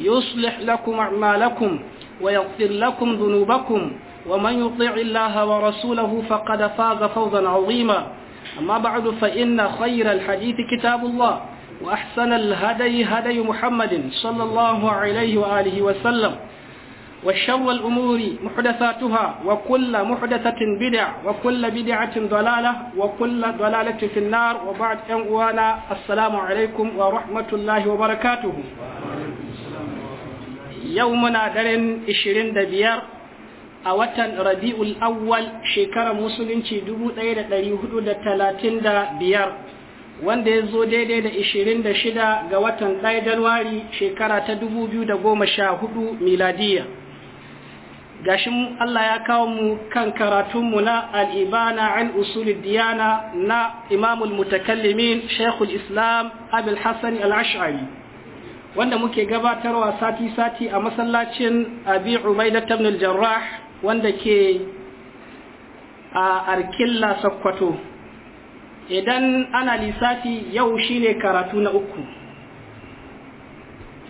يصلح لكم أعمالكم ويغفر لكم ذنوبكم ومن يطيع الله ورسوله فقد فاز فوزا عظيما أما بعد فإن خير الحديث كتاب الله وأحسن الهدي هدي محمد صلى الله عليه وآله وسلم وشر الأمور محدثاتها وكل محدثة بدع وكل بدعة ضلالة وكل ضلالة في النار وبعد أن السلام عليكم ورحمة الله وبركاته yau muna daren 25 a watan rabi'ul awwal shekarar musulunci 1435 wanda ya zo daidai da 26 ga watan 1 januwari shekara ta 2014 miladiya gashin Allah ya kawo mu kan karatunmu na al'ibana an usulul diyana na imamul mutakallimin shekul islam abul hassan al'ash'ari wanda muke gabatarwa sati-sati a masallacin abi ubaida tabnil jarrah wanda ke a arkilla sokoto idan ana lissafi yau shine karatu na uku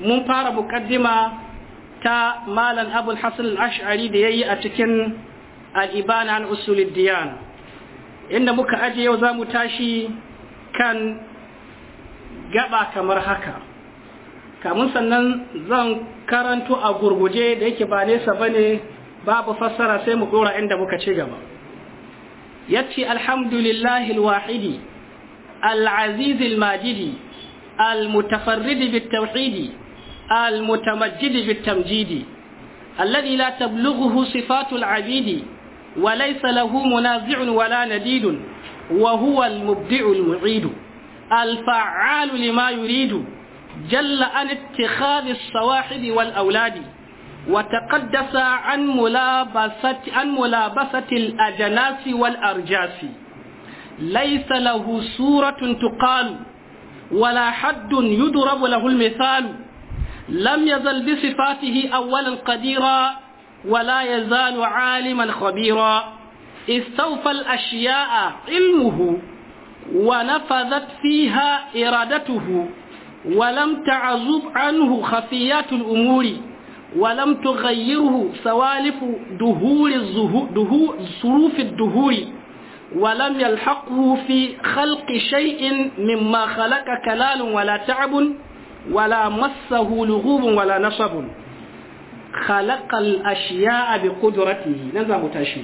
mun fara mukaddima ta malam abul hasan ash'ari da yayi a cikin al'ibana an usulid diyan inda muka aje yau za mu tashi kan gaba kamar haka kamun sannan zan karanto a gurguje da yake ba nesa ba ne babu fassara sai mu ɗora inda muka ci gaba ya ce alhamdulillahi wahidi al’azizi almajidi almutafarridi bitawhidi almutamajidi bitamjidi alladhi la tablughuhu sifatu al’abidi wa laysa lahu munazi'un wala nadidun wa huwa al-mubdi'u al-mu'idu al-fa'alu جل عن اتخاذ الصواحب والأولاد وتقدس عن ملابسة, عن ملابسة الأجناس والأرجاس ليس له صورة تقال ولا حد يضرب له المثال لم يزل بصفاته أولا قديرا ولا يزال عالما خبيرا استوفى الأشياء علمه ونفذت فيها إرادته ولم تعزب عنه خفيات الأمور ولم تغيره سوالف دهور دهور صروف الدهور ولم يلحقه في خلق شيء مما خلق كلال ولا تعب ولا مسه لغوب ولا نصب خلق الأشياء بقدرته نزع متاشي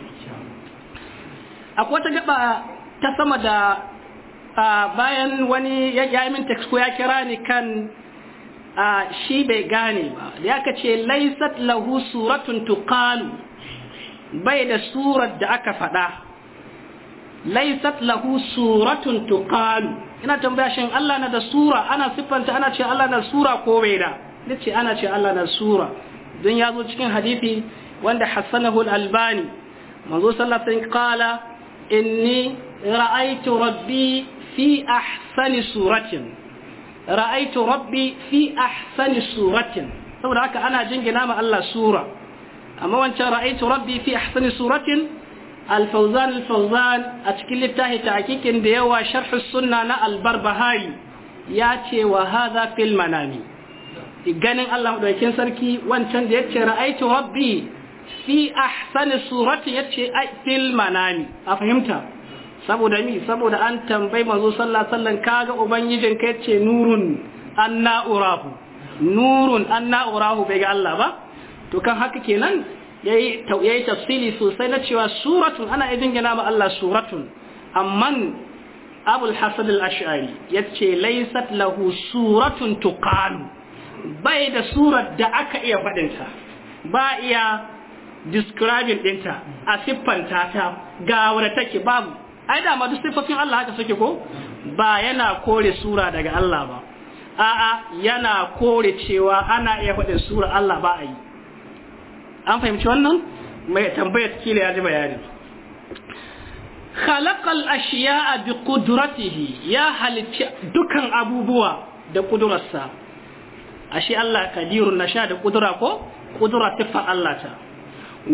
أقوى تجبأ تسمى bayan wani ya min text ko ya kira ni kan shi bai gane ba ya ka ce laisat lahu suratun tuqalu bai da surat da aka faɗa laisat lahu suratun tuqalu ina tambaya shin Allah na da sura ana siffanta ana ce Allah na sura ko bai da nace ana ce Allah na sura don ya zo cikin hadisi wanda hassanahu al-albani manzo sallallahu alaihi wasallam qala inni ra'aytu rabbi fi ahsani suratin ra'aitu rabbi fi ahsani suratin saboda haka ana jingina ma Allah sura amma wancan ra'aitu rabbi fi ahsani suratin الفوزان da yawa التاهي sunna na شرح السنة نا البربهاري ياتي وهذا في المنام ganin Allah madaukakin sarki wancan da yace ra'aitu rabbi fi ahsani surati yace fil manami a fahimta saboda mi saboda an tambayi manzo sallah sallan kaga ubangijin kai ce nurun anna urahu nurun anna urahu bai ga Allah ba to kan haka kenan yayi yayi tafsili sosai na cewa suratun ana idin gina ma Allah suratun amman Abul Hasan al-Ash'ari yace laysat lahu suratun tuqalu bai da surar da aka iya faɗinta ba iya describing dinta a siffanta ta ga take babu ai da duk siffofin Allah haka suke ko ba yana kore sura daga Allah ba a'a yana kore cewa ana iya faɗin sura Allah ba a yi an fahimci wannan mai tambayar kila ya ji bayani khalaqal ashiya'a bi qudratihi ya halitta dukan abubuwa da kudurarsa Ashi Allah kadirun nasha da kudura ko kudura tifa Allah ta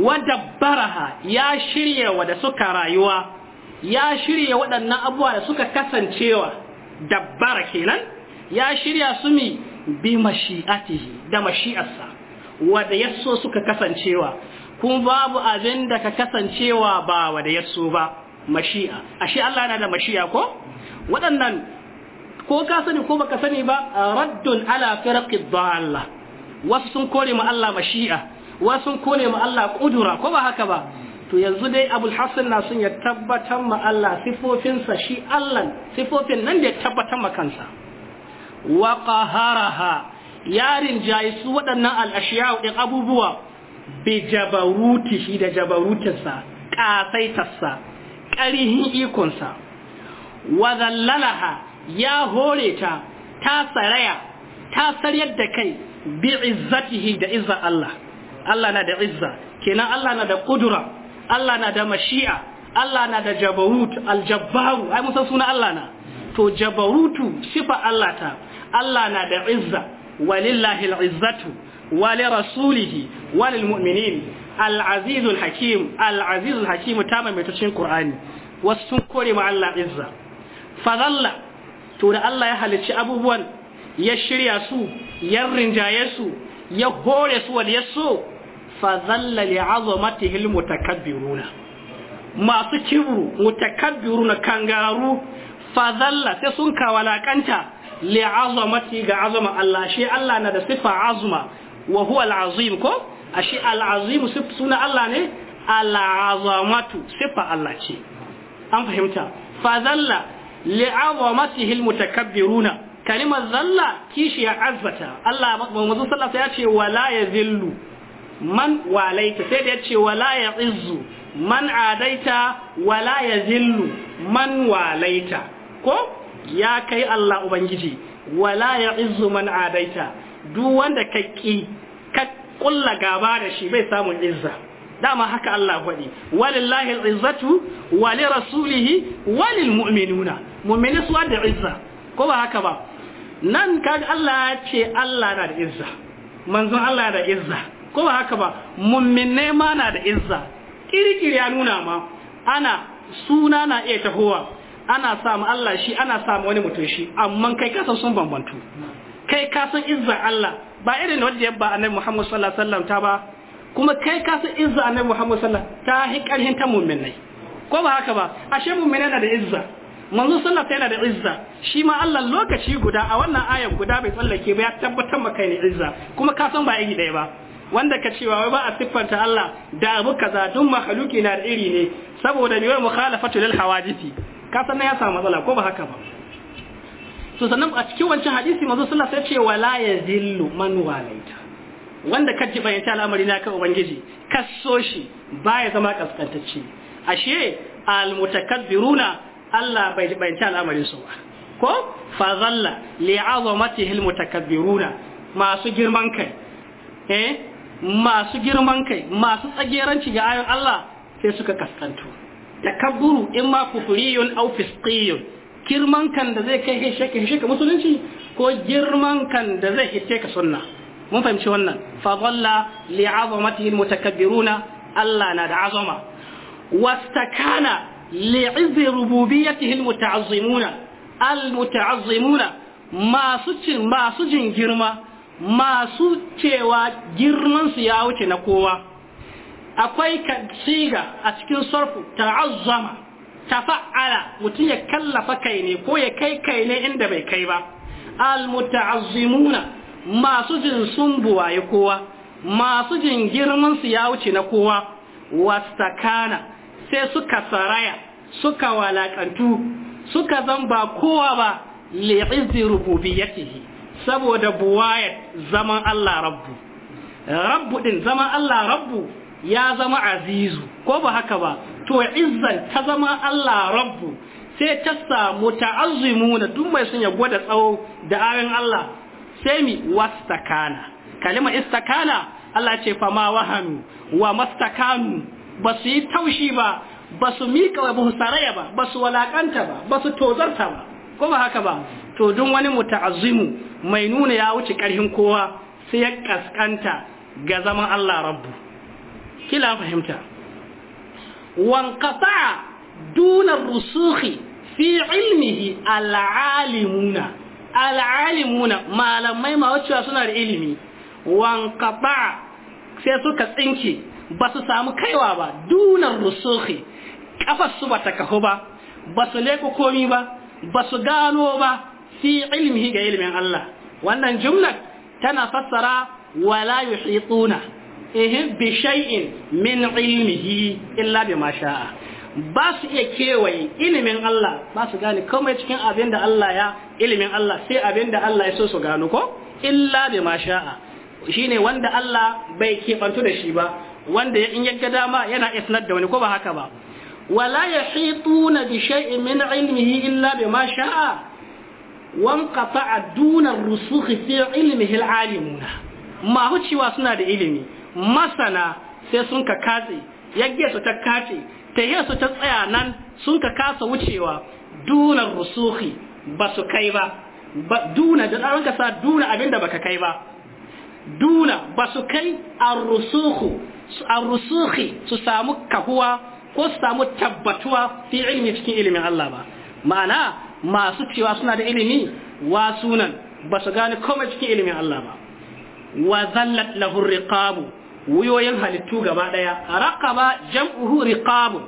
wa dabbaraha ya shirya wa da suka rayuwa ya shirya waɗannan abuwa da suka kasancewa dabbara kenan ya shirya su mi bi mashi'atihi da mashi'arsa wanda yaso suka kasancewa Kun babu abin da ka kasancewa ba wanda yaso ba mashi'a ashe Allah yana da mashi'a ko waɗannan ko ka sani ko baka sani ba raddun ala firqid dhalla wasu sun kore mu Allah mashi'a wasu sun kore mu Allah kudura ko ba haka ba to yanzu dai abul hassan na sun ya tabbatar ma Allah sifofinsa shi Allah sifofin nan da ya tabbatar ma kansa wa qaharaha yarin jayi su waɗannan al'ashiya din abubuwa bi jabaruti shi da jabarutinsa ƙasaitarsa ƙarihin ikonsa wa zallalaha ya hore ta ta saraya ta saryar da kai bi izzatihi da izza Allah Allah na da izza kenan Allah na da kudura Allah na da mashi'a Allah na da jabarut aljabbaru ai mun suna Allah na to jabarutu sifa Allah ta Allah na da izza walillahi al'izzatu wa li rasulihi wa lil mu'minin al-aziz al-hakim al-aziz ta qur'ani wasu sun kore ma Allah izza fadalla to da Allah ya halicci abubuwan ya shirya su ya rinjaye su ya hore su wal so fa zalla li azamatihi al mutakabbiruna masu kibru mutakabbiruna kangaru fa sai sun kawalakanta li azamati ga azama Allah shi Allah na da sifa azuma. wa huwa al azim ko ashi al azim suna Allah ne al azamatu sifa Allah ce an fahimta fa zalla li azamatihi al mutakabbiruna kalimar zalla kishi ya azzata Allah manzo sallallahu alaihi wasallam ya ce wala yazillu man walaita sai da ya ce wala ya izu man adaita wala ya zillu man walaita ko ya kai Allah Ubangiji wala ya izzu man adaita duk wanda ka ƙi ka ƙulla gaba da shi bai samun izza dama haka Allah faɗi walillahi al'izzatu wali rasulihi walil mu'minuna mu'mini su da izza ko ba haka ba nan kaga Allah ce Allah na da izza manzon Allah da izza ko ba haka ba mumminai ma na da izza kirkiri ya nuna ma ana suna na iya tahowa ana samu Allah shi ana samu wani mutum shi amma kai ka san sun bambantu kai ka san izza Allah ba irin wanda ya ba annabi Muhammad sallallahu alaihi wasallam ta ba kuma kai san izza annabi Muhammad sallallahu alaihi wasallam ta hi karhin ta mumminai ko ba haka ba ashe mumminai na da izza manzo sallallahu alaihi yana da izza shi ma Allah lokaci guda a wannan ayar guda bai tsallake ba ya tabbatar maka ne izza kuma ka san ba yi dai ba wanda ka cewa wai ba a siffanta Allah da abu kaza duk makhluki na da iri ne saboda ne wai mukhalafatu lil hawajisi ka san ya samu matsala ko ba haka ba to sannan a cikin wancan hadisi manzo sallallahu alaihi wasallam ya ce wala yazillu man walaita wanda ka jibanci al'amari na kan ubangiji kasso shi baya zama kaskantacce ashe almutakabbiruna Allah bai jibanci al'amarin su ba ko fa zalla li'azamatihi almutakabbiruna masu girman kai eh masu girman kai masu tsageranci ga ayon Allah sai suka kaskantu takabburu in ma kufuriyun aw fisqiyun girman kan da zai kai hishe ka musulunci ko girman kan da zai hitte ka sunna mun fahimci wannan fa dhalla li azamatihi mutakabbiruna Allah na da azama wastakana li izzi rububiyyatihi almuta'azzimuna almuta'azzimuna masu cin masu jin girma masu cewa girmansu ya wuce na kowa akwai siga a cikin sarfu ta'azzama tafa'ala mutum ya kallafa kai ne ko ya kai kai ne inda bai kai ba almuta'azzimuna masu jin sun buwaye kowa masu jin girmansu ya wuce na kowa wastakana sai suka saraya suka walakantu suka zamba ba kowa ba li'izzi rububiyyatihi saboda buwayat zaman Allah rabbu rabbu din zaman Allah rabbu ya zama azizu ko ba haka ba to izzan ta zama Allah rabbu sai ta samu ta'azzimuna duk mai sun ya gwada tsawo da ayan Allah sai mi wastakana kalima istakana Allah ce fa ma wahanu wa mastakanu ba su yi taushi ba ba su miƙa ba su ba ba su walakanta ba ba su tozarta ba ko ba haka ba to don wani muta'azzimu mai nuna ya wuce karhin kowa sai ya kaskanta ga zaman Allah rabbu kila fahimta wan duna rusuhi fi ilmihi al'alimuna al'alimuna malamai ma wacewa suna da ilimi wan sai suka tsinke ba su samu kaiwa ba dunan rusuhi kafar su ba ta kahu ba ba su leko komi ba ba su gano ba fi ilmihi ga ilmin Allah wannan jumlar tana fassara wala yuhituna ihim bi shay'in min ilmihi illa bima sha'a ba su iya kewaye ilimin Allah ba su gane komai cikin abin da Allah ya ilimin Allah sai abin da Allah ya so su gano ko illa bima sha'a shine wanda Allah bai kebantu da shi ba wanda in ya ga dama yana isnad da wani ko ba haka ba wala yahituna bi shay'in min ilmihi illa bima sha'a wanqata'a duna rusukhi fi ilmihi alalimuna ma cewa suna da ilimi masana sai sun ka katse yagge su ta kace ta su ta tsaya nan sun ka kasa wucewa duna rusukhi ba su kai ba duna da tsaron ka sa duna abinda baka kai ba duna ba su kai a rusukhu su samu kahuwa ko su samu tabbatuwa fi ilmi cikin ilimin Allah ba ma'ana masu cewa suna da ilimi wa sunan ba su gane komai cikin ilimin Allah ba wa zallat lahu riqabu wuyoyin halittu gaba daya raqaba jam'uhu riqabun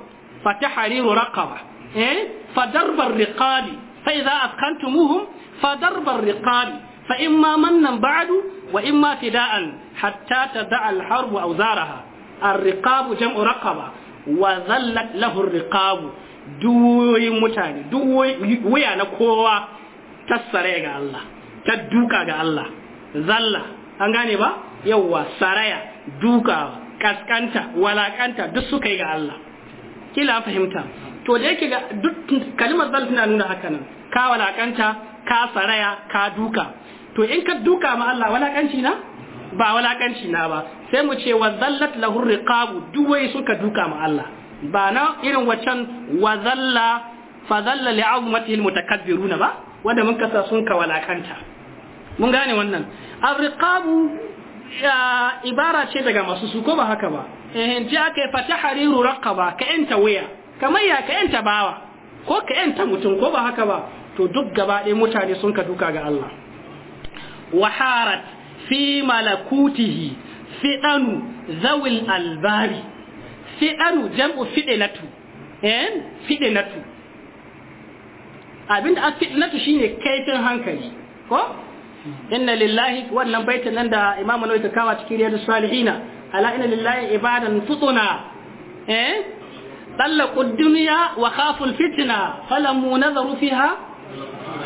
fa tahriru raqaba eh fa darbar riqabi fa idza askantumuhum fa darbar riqabi fa imma mannan ba'du wa imma fida'an hatta tada'a al-harbu awzaraha الرقاب جمع رقبة وذلت له الرقاب duwoyin mutane wuya na kowa ta saraya ga Allah ta duka ga Allah zalla an gane ba yawwa saraya duka kaskanta walakanta duk suka yi ga Allah kila fahimta to da yake ga duk kalimar zal tana nuna haka nan ka walakanta ka saraya ka duka to in ka duka ma Allah walakanci na ba walakanci na ba sai mu ce wa zallat lahu riqabu duwai suka duka ma Allah ba na irin waccan wa zalla fa zalla li azmatihi almutakabbiruna ba wanda mun kasa sun ka mun gane wannan arriqabu ibara ce daga masu su ko ba haka ba eh ji aka yi fata hariru raqaba ka yanta waya kamar ya ka yanta bawa ko ka yanta mutum ko ba haka ba to duk gaba ɗaya mutane sun ka duka ga Allah waharat fi malakutihi fi ɗanu zawil albari fi'alu jam'u eh, abinda a fi'latu shine kaifin hankali ko inna lillahi wannan baitin nan da imam an ka cikin riyadus salihina ala inna lillahi ibadan futuna eh طلقوا الدنيا وخافوا الفتنة فلما نظروا فيها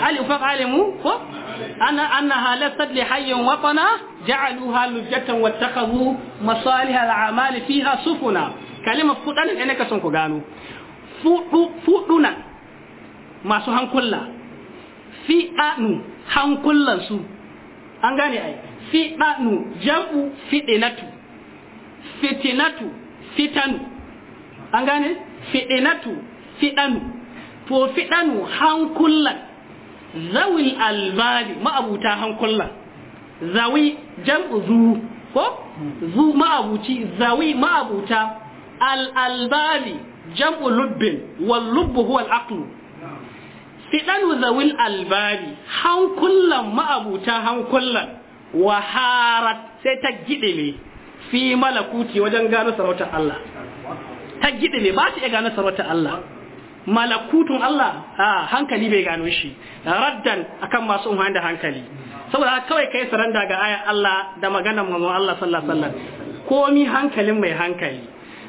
هل فعلموا أنا أنها لست لحي وطنا kalima fudan ne ka son ku gano fudu fuduna masu hankulla fi anu hankullan su an gane ai fi anu jam'u fidinatu fitinatu fitanu an gane fidinatu fidanu to fidanu hankullan zawil albabi ma'abuta hankullan zawi jam'u zu ko hmm. zu ma'abuci zawi ma'abuta al'albani jam'u lubbin wallubbu huwa al'aqlu fiɗanu zawil albani hankullan ma'abuta hankullan waharat sai ta gidile fi malakuti wajen gano sarautar Allah ta gidile ba ta iya gano sarautar Allah malakutun Allah a hankali bai gano shi raddan akan masu umarni da hankali saboda kawai kai saranda ga ayar Allah da maganar manzon Allah sallallahu alaihi wasallam komi hankalin mai hankali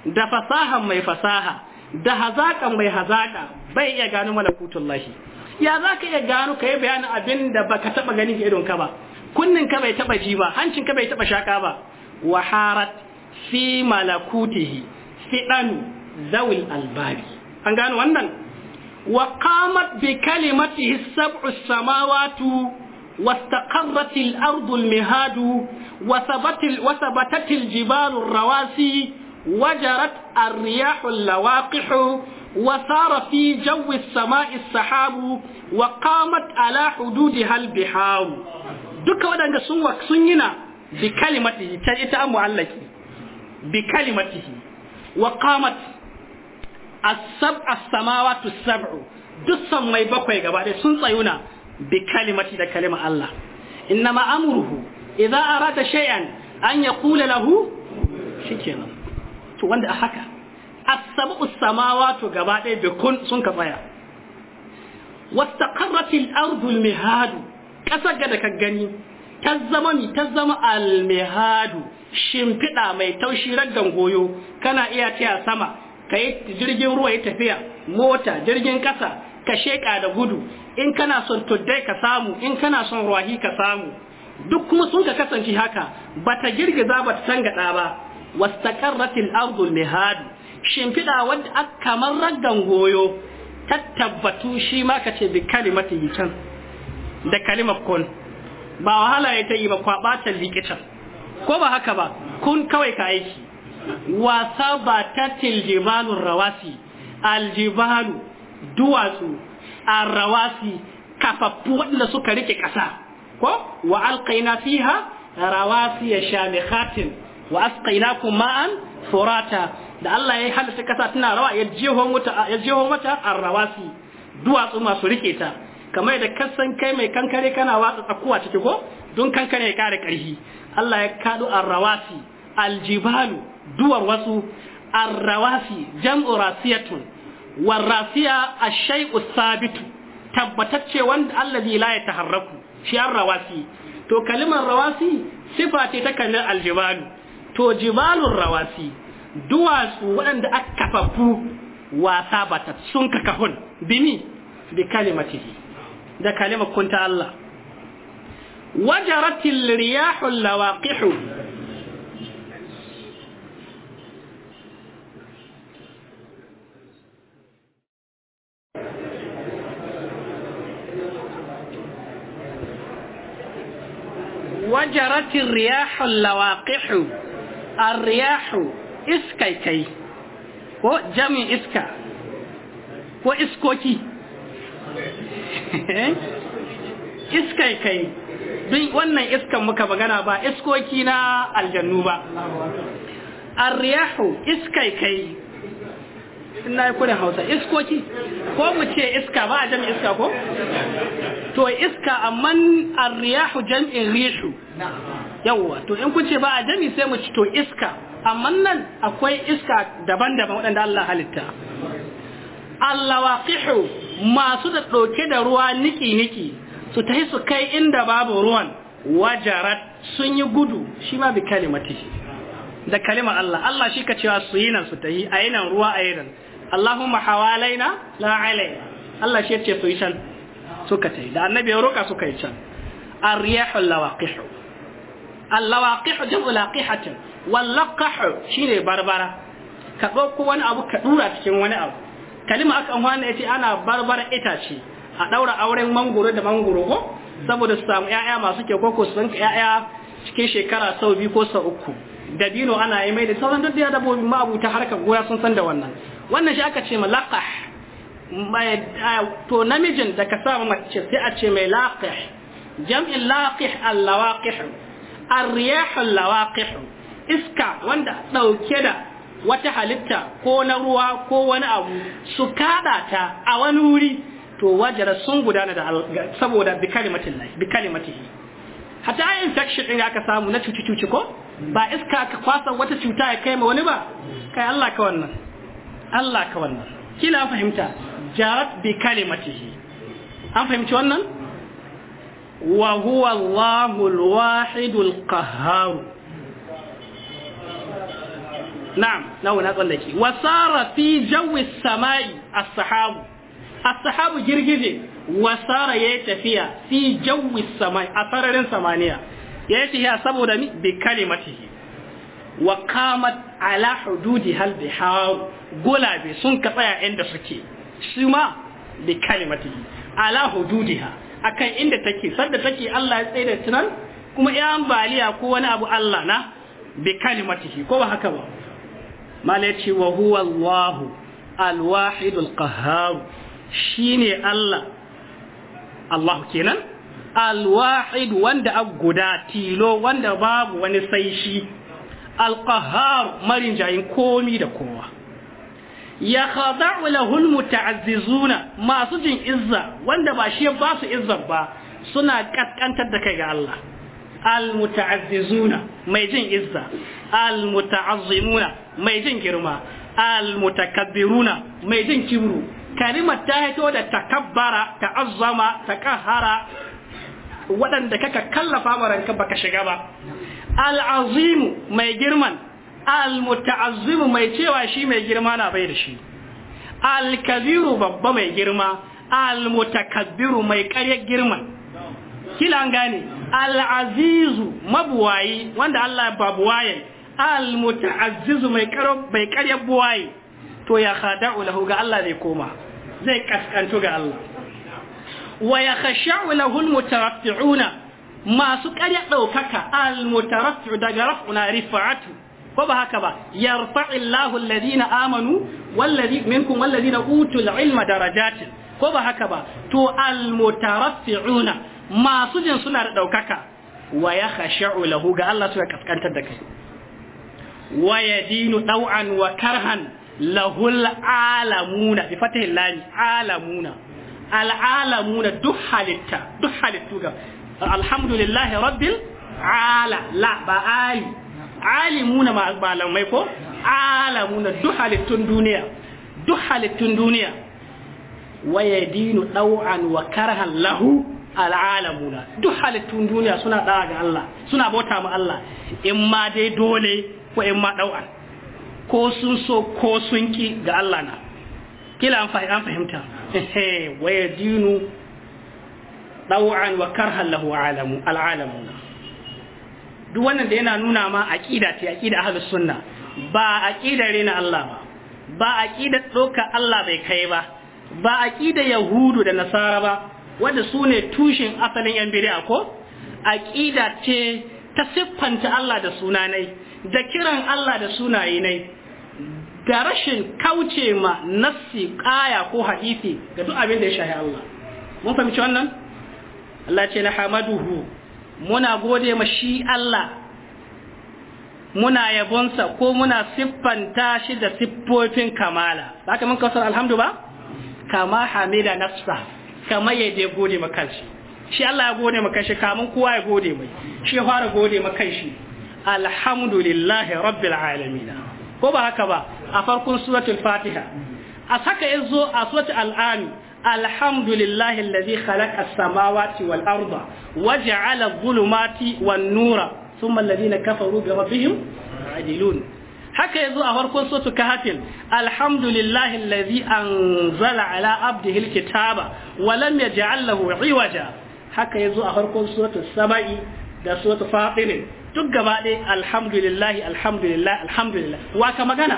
da fasaha mai fasaha da hazaƙan mai hazaƙa bai iya gano malakutun lahi ya za ka iya gano ka yi bayanin abin da ba ka taɓa ganin idon ka ba kunnin ka bai taɓa ji ba hancin ka bai taɓa shaƙa ba waharat fi malakutihi fiɗanu zawil albabi an gano wannan wa qamat bi kalimatihi sab'u samawatu واستقرت الأرض المهاد وثبت وثبتت الجبال الرواسي wajarat arriyahul lawaqihu wa sara fi jawi samai sahabu wa qamat ala hududiha albiharu duka wadanda sun wa sun yina bi kalimatihi ta ita muallaki bi kalimatihi wa qamat as-sab'a as-samawati as-sab'u duk mai bakwai gaba ɗaya sun tsayuna bi kalimati da kalima Allah inna ma amruhu idza arada shay'an an yaqula lahu shikenan to wanda a haka Asabu Usama wato gaba ɗaya bikun kun sun ka tsaya wastaqarrat al-ardu al-mihad da ka gani ta zama mi ta zama al-mihad shimfiɗa mai taushi raggan goyo kana iya taya sama kai jirgin ruwa ya tafiya mota jirgin ƙasa, ka sheka da gudu in kana son tuddai ka samu in kana son ruwahi ka samu duk kuma sun ka kasance haka bata girgiza bata tangada ba wastakarratil ardu mihad shimfida wadda aka kamar raggan goyo tabbatu shi ma ka ce bi kalimati can da kalimar kun ba wahala ya ta yi ba kwabatar likita. ko ba haka ba kun kawai ka aiki wasa ba ta tiljibalun rawasi aljibalu duwatsu a rawasi kafaffu waɗanda suka rike ƙasa ko wa alƙaina fiha rawasi ya khatin. wa asqainakum ma'an furata da Allah ya halitta kasa tana rawa ya jeho mata ya jeho mata arrawasi duwatsu masu rike ta kamar da kasan kai mai kankare kana watsa tsakuwa ciki ko don kankare ya kare karhi Allah ya kado arrawasi aljibalu duwar wasu arrawasi jam'u rasiyatun warrasiya ash-shay'u thabitu tabbatacce wanda allazi la taharraku shi arrawasi to kalimar rawasi sifa ce ta kalmar aljibalu to jibalun rawasi duwatsu waɗanda aka kafafu wasa bata sun kakahun Bini bi kalimatihi da kalimar kunta Allah wajaratil riyahul lawaqihu وجرت الرياح اللواقح arriyahu iskai kai ko jami iska ko iskoki iskai kai duk wannan iskan muka magana ba iskoki na aljannu ba arriyahu iskai kai ina yi kudin hausa iskoki ko mu ce iska ba a jami iska ko to iska amman arriyahu jam'in rishu yawwa to in kun ce ba a jami sai mu ci to iska amma nan akwai iska daban-daban waɗanda Allah halitta allawaqihu masu da ɗauke da ruwa niki-niki su tahi su kai inda babu ruwan wajarat sun yi gudu shi ma bi kalimati da kalimar Allah Allah shi ka cewa su yi nan su tahi a yi nan ruwa a yi nan Allahumma hawalaina la alai Allah shi ya ce su yi can suka tahi da annabi ya roka suka yi can ar-riyahul lawaqih allawaqihu jam'u laqihatin wallaqahu shine barbara ka dauko wani abu ka dura cikin wani abu kalima aka amfana yace ana barbara itace a daura auren mangoro da mangoro ko saboda su samu yaya masu ke koko su sanka ƴaƴa cikin shekara sau biyu ko sau uku dabino ana yi mai da sauran duk da dabbobi ma abuta harkar goya sun san da wannan wannan shi aka ce malaqah to namijin da ka sa mace sai a ce mai laqih jam'in laqih allawaqih ar-riyahul lawaqih iska wanda dauke da wata halitta ko na ruwa ko wani abu su kada ta a wani wuri to wajara sun gudana da saboda bi kalimatin lahi bi kalimatihi hatta ayin infection din aka samu na cuci cuci ko ba iska ka kwasa wata cuta ya kai ma wani ba kai Allah ka wannan Allah ka wannan kila fahimta jarat bi kalimatihi an fahimci wannan wa huwa Allahul wahidul na'am nawa na tsallake wa fi jawi samai as-sahabu as-sahabu girgije wa sara yayi tafiya fi jawi samai a sararin samaniya yayi tafiya saboda mi bi kalimatihi wa qamat ala sun tsaya inda suke shi ma ala hududiha akan inda take sanda take Allah ya tsaye da tunan kuma ya ambaliya ko wani abu Allah na bi kalimatihi ko ba haka ba malaci wa huwa Allah al-wahidul qahhar shine Allah Allah kenan al-wahid wanda aguda tilo wanda babu wani sai shi al-qahhar marin jayin komi da kowa ya khada'u lahul muta'azzizuna masu jin izza wanda ba shi ba su izza ba suna kaskantar da kai ga Allah al muta'azzizuna mai jin izza al muta'azzimuna mai jin girma al mutakabbiruna mai jin kibru kalimar ta hito da takabbara ta'azzama takahara waɗanda kaka kallafa maranka baka shiga ba al azimu mai girman al-muta'azzimu mai cewa shi mai girma na bai da shi al-kabiru babba mai girma al-mutakabbiru mai ƙaryar girma. kila an gane al-azizu mabuwayi wanda Allah ya babuwaye al-muta'azzizu mai ƙaro bai ƙaryar buwaye to ya khada'u lahu ga Allah zai koma zai kaskantu ga Allah wa ya khasha'u lahu al-mutaraffi'una masu ƙaryar ɗaukaka al-mutaraffi'u daga raf'una rifa'atu ko ba haka ba yarfa'illahu alladhina amanu walladhi minkum walladhina utul ilma darajatin ko ba haka ba to almutaraffi'una masu jin suna da daukaka wa yakhsha'u lahu ga Allah suka kaskantar da kai wa yadinu taw'an wa karhan lahul alamuna bi fatihil alamuna duk halitta duk halittu ga alhamdulillahi rabbil ala la ba ali alimuna malamai ko alamuna duk halittun duniya duk halittun duniya waya dinu ɗau'an wa karhan lahu al'alamuna duk halittun duniya suna da'a ga Allah suna bauta ma Allah in ma dai dole ko in ma ɗau'an ko sun so ko sun ki ga Allah na kila an fahimta waya dinu ɗau'an wa karhan lahu al'alamuna duk wannan da yana nuna ma aqida ce aqida ahlus sunna ba aqida na Allah ba ba aqida doka Allah bai kai ba ba aqida yahudu da nasara ba wanda sune tushen asalin yan bid'a ko aqida ce ta siffanta Allah da sunanai da kiran Allah da sunaye ne da rashin kauce ma nassi qaya ko hadisi ga duk abin da ya shafi Allah mun fahimci wannan Allah ce na hamaduhu muna gode ma shi Allah muna yabonsa ko muna siffanta shi da siffofin kamala ba ka mun kasar alhamdu ba kama hamida nafsa kama ya je gode ma kanshi shi Allah ya gode ma kanshi kamun kowa ya gode mai shi ya fara gode ma kanshi alhamdulillahi rabbil alamin ko ba haka ba a farkon suratul fatiha a saka yanzu a suratul al'ami alhamdulillahi alladhi khalaqa as-samawati wal arda waja'ala adh-dhulumati wan nura thumma alladhina kafaru bi rabbihim ya'dilun haka yazo a farkon suratul kahfin alhamdulillahi alladhi anzala ala abdihi al-kitaba wa lam yaj'al lahu 'iwaja haka yazo a farkon suratul sama'i da suratul fatir duk gaba ɗaya alhamdulillahi alhamdulillah alhamdulillah wa ka magana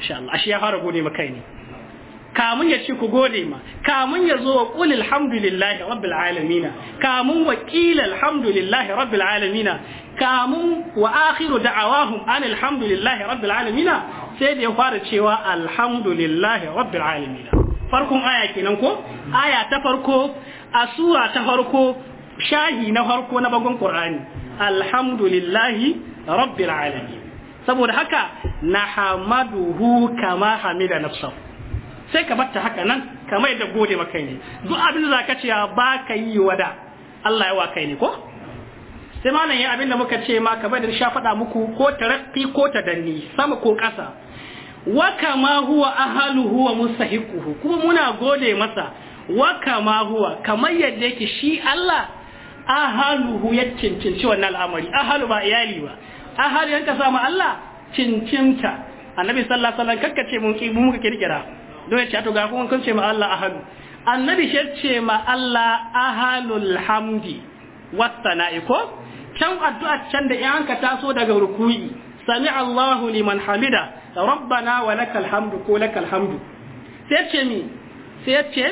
insha Allah Ashe ya fara gode maka ne kamun ya ce ku gode ma kamun ya zo wa qul alhamdulillahi rabbil alamin kamun wa qila alhamdulillahi rabbil alamin kamun wa akhiru da'awahum an alhamdulillahi rabbil alamin sai da ya fara cewa alhamdulillahi rabbil alamin farkon aya kenan ko aya ta farko a sura ta farko shahi na farko na bagon qur'ani alhamdulillahi rabbil alamin saboda haka nahamaduhu kama hamida nafsahu sai ka batta haka nan kamar da gode wa kai ne duk abin da zaka ce ba ka yi wada Allah ya wa kai ne ko sai malam ya abin da muka ce ma kamar da sha faɗa muku ko rafi ko ta danni sama ko ƙasa wa kama huwa ahalu wa mustahiquhu kuma muna gode masa wa kama huwa kamar yadda yake shi Allah ahaluhu ya cincinci wannan al'amari ahalu ba iyali ba ahalu yanka sama Allah cincinta annabi sallallahu alaihi wasallam kakkace mun ki mun kirkira don ya ce ga kun ce ma Allah ahadu annabi shi ce ma Allah ahalul hamdi wassana'i ko can addu'a can da in ka taso daga ruku'i sami Allahu liman hamida rabbana wa lakal hamdu ko lakal hamdu sai ce mi sai ce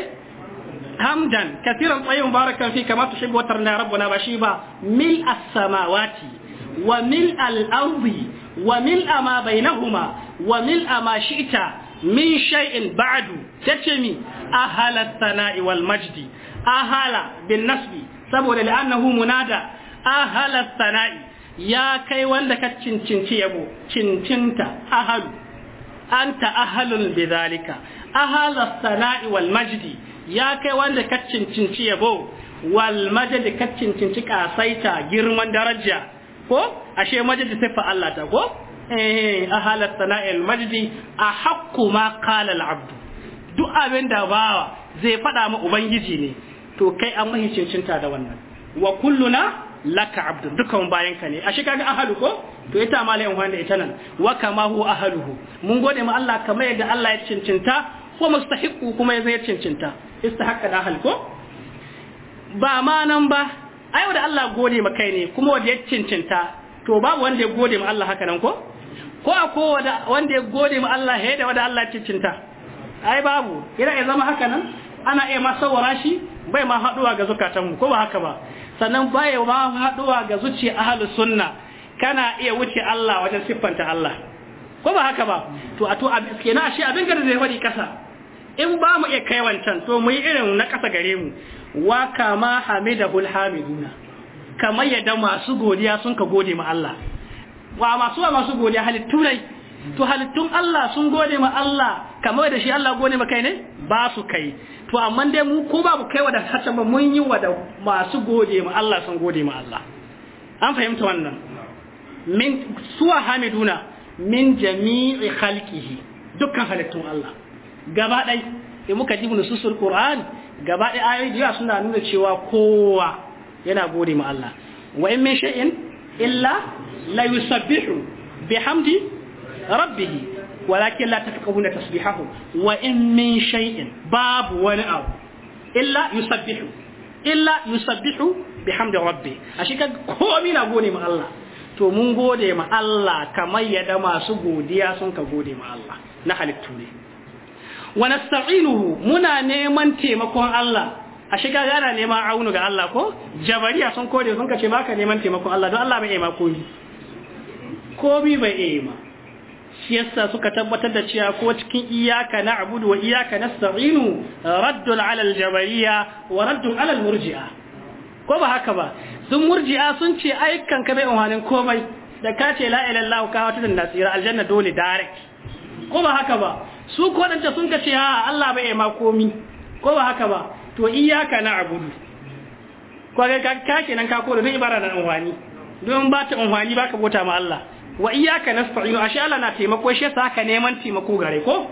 hamdan katiran tsayin barakan fi kama tu shibu watar na ba shi ba mil as-samawati wa mil al-ardi wa mil ma bainahuma wa mil ma shi'ta min shay'in ba'du tace mi ahala sana'i wal majdi ahala bin nasbi saboda li'annahu munada ahala sana'i ya kai wanda ka cincinci yabo cincinta ahalu anta ahalun bidhalika ahala sana'i wal majdi ya kai wanda ka cincinci yabo wal majdi ka cincinci kasaita girman daraja ko ashe majdi sifa Allah ta ko eh ahalat sana'il majdi ahqqu ma qala al-abd duk abin da bawa zai fada ma ubangiji ne to kai an mahiccincinta da wannan wa kulluna laka abdu dukan ka ne a ashe kaga ahalu ko to ita malayin wanda ita nan wa kama hu ahaluhu mun gode ma Allah kamar yadda Allah ya cincinta ko mustahiqu kuma ya zai cincinta istahaqqa da ahal ko ba ma nan ba ai da Allah gode ma kai ne kuma wanda ya cincinta to babu wanda ya gode ma Allah haka nan ko ko a ko wanda ya gode ma Allah ya da wanda Allah ya cinta ai babu ira ya zama haka nan ana iya ma sawara shi bai ma haduwa ga zukatanmu ko ba haka ba sannan bai ma haduwa ga zuci ahlus sunna kana iya wuce Allah wajen siffanta Allah ko ba haka ba to a to a kenan shi abin da zai fadi kasa in ba mu iya kai wancan to mu yi irin na kasa gare mu wa kama hamidahul hamiduna kamar yadda masu godiya sun ka gode ma Allah wa masu wa masu godiya halittu to halittun Allah sun gode ma Allah kamar da shi Allah gode ma kai ne ba su kai to amma dai mu ko babu kai wada hatta ba mun yi wada masu gode ma Allah sun gode ma Allah an fahimta wannan min suwa hamiduna min jami'i khalqihi dukkan halittun Allah gaba dai in muka ji sur Qur'an gaba dai ayoyi suna nuna cewa kowa yana gode ma Allah wa in min shay'in illa la yusabbihu bihamdi rabbih walakin la tafqahuna tasbihahu wa in min shay'in babu wani abu illa yusabbihu illa yusabbihu bihamdi rabbi ashe ka komai na gode ma Allah to mun gode ma Allah kamar yadda masu godiya sun ka gode ma Allah na halittu ne wa nasta'inuhu muna neman taimakon Allah ashe kaga ana neman aunu ga Allah ko jabariya sun kore sun kace baka neman taimakon Allah don Allah bai yi ma komi bi bai yi ma shi yasa suka tabbatar da cewa ko cikin iyaka na abudu wa iyaka nasta'inu raddul ala Jabariya wa raddul ala murji'a ko ba haka ba sun murji'a sun ce ayyukan ka bai unhanin komai da ka ce la ilaha illallah ka wata da nasira aljanna dole direct ko ba haka ba su ko danta sun kace ha Allah bai ma komi ko ba haka ba to iyaka na abudu ka kake nan ka kore don ibara da unwani don ba ta unwani ba ka bota ma Allah wa iyaka nasta'inu ashe Allah na taimako shi yasa ka neman taimako gare ko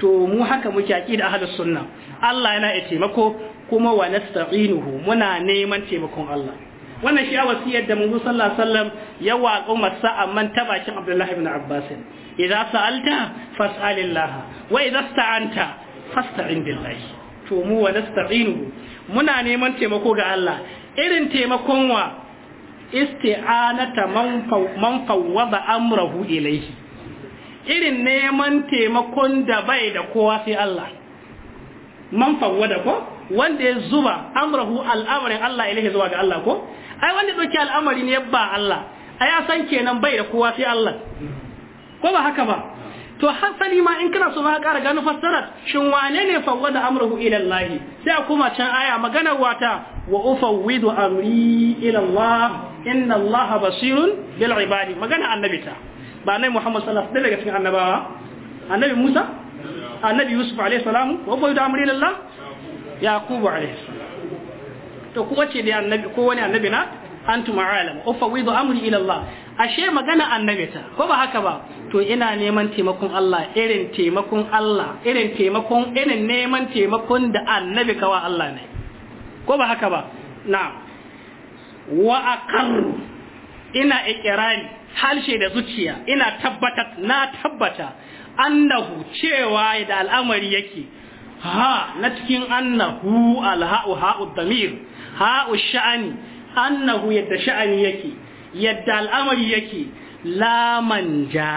to mu haka muke aqida ahlus sunna Allah yana ya taimako kuma wa nasta'inuhu muna neman taimakon Allah wannan shi a da manzo sallallahu alaihi wasallam ya waƙo masa ta bakin Abdullahi ibn Abbas idza sa'alta fas'alillah wa idza sta'anta fasta'in billahi to mu wa nasta'inuhu muna neman taimako ga Allah irin taimakon wa isti'anata man fawwada amrahu ilayhi irin neman taimakon da bai da kowa sai Allah man fawwada ko wanda ya zuba amrahu al'amarin Allah ilayhi zuwa ga Allah ko ai wanda dauki al'amari ne ba Allah ai a san kenan bai da kowa sai Allah ko ba haka ba to hasali ma in kana so ka ƙara gano fassarar shin wane ne fawwada amruhu ila Allah sai a kuma can aya magana wata wa ufawwidu amri ila Allah inna Allah basirun bil ibadi magana annabi ta ba nai Muhammad sallallahu alaihi wasallam daga cikin annabawa annabi Musa annabi Yusuf alaihi salam. wa ufawwidu amri ila Allah Yaqub alaihi to kuma ce da annabi ko wani annabi na antum a'lam ufawidu amri ila Allah ashe magana annabita ko ba haka ba to ina neman taimakon Allah irin taimakon Allah irin taimakon irin neman taimakon da annabi kawa Allah ne ko ba haka ba na'am wa aqarru ina ikrari halshe da zuciya ina tabbata na tabbata annahu cewa da al'amari yake ha na cikin annahu alha'u ha'u damir ha'u sha'ani annahu yadda sha'ani yake yadda al'amari yake laman ja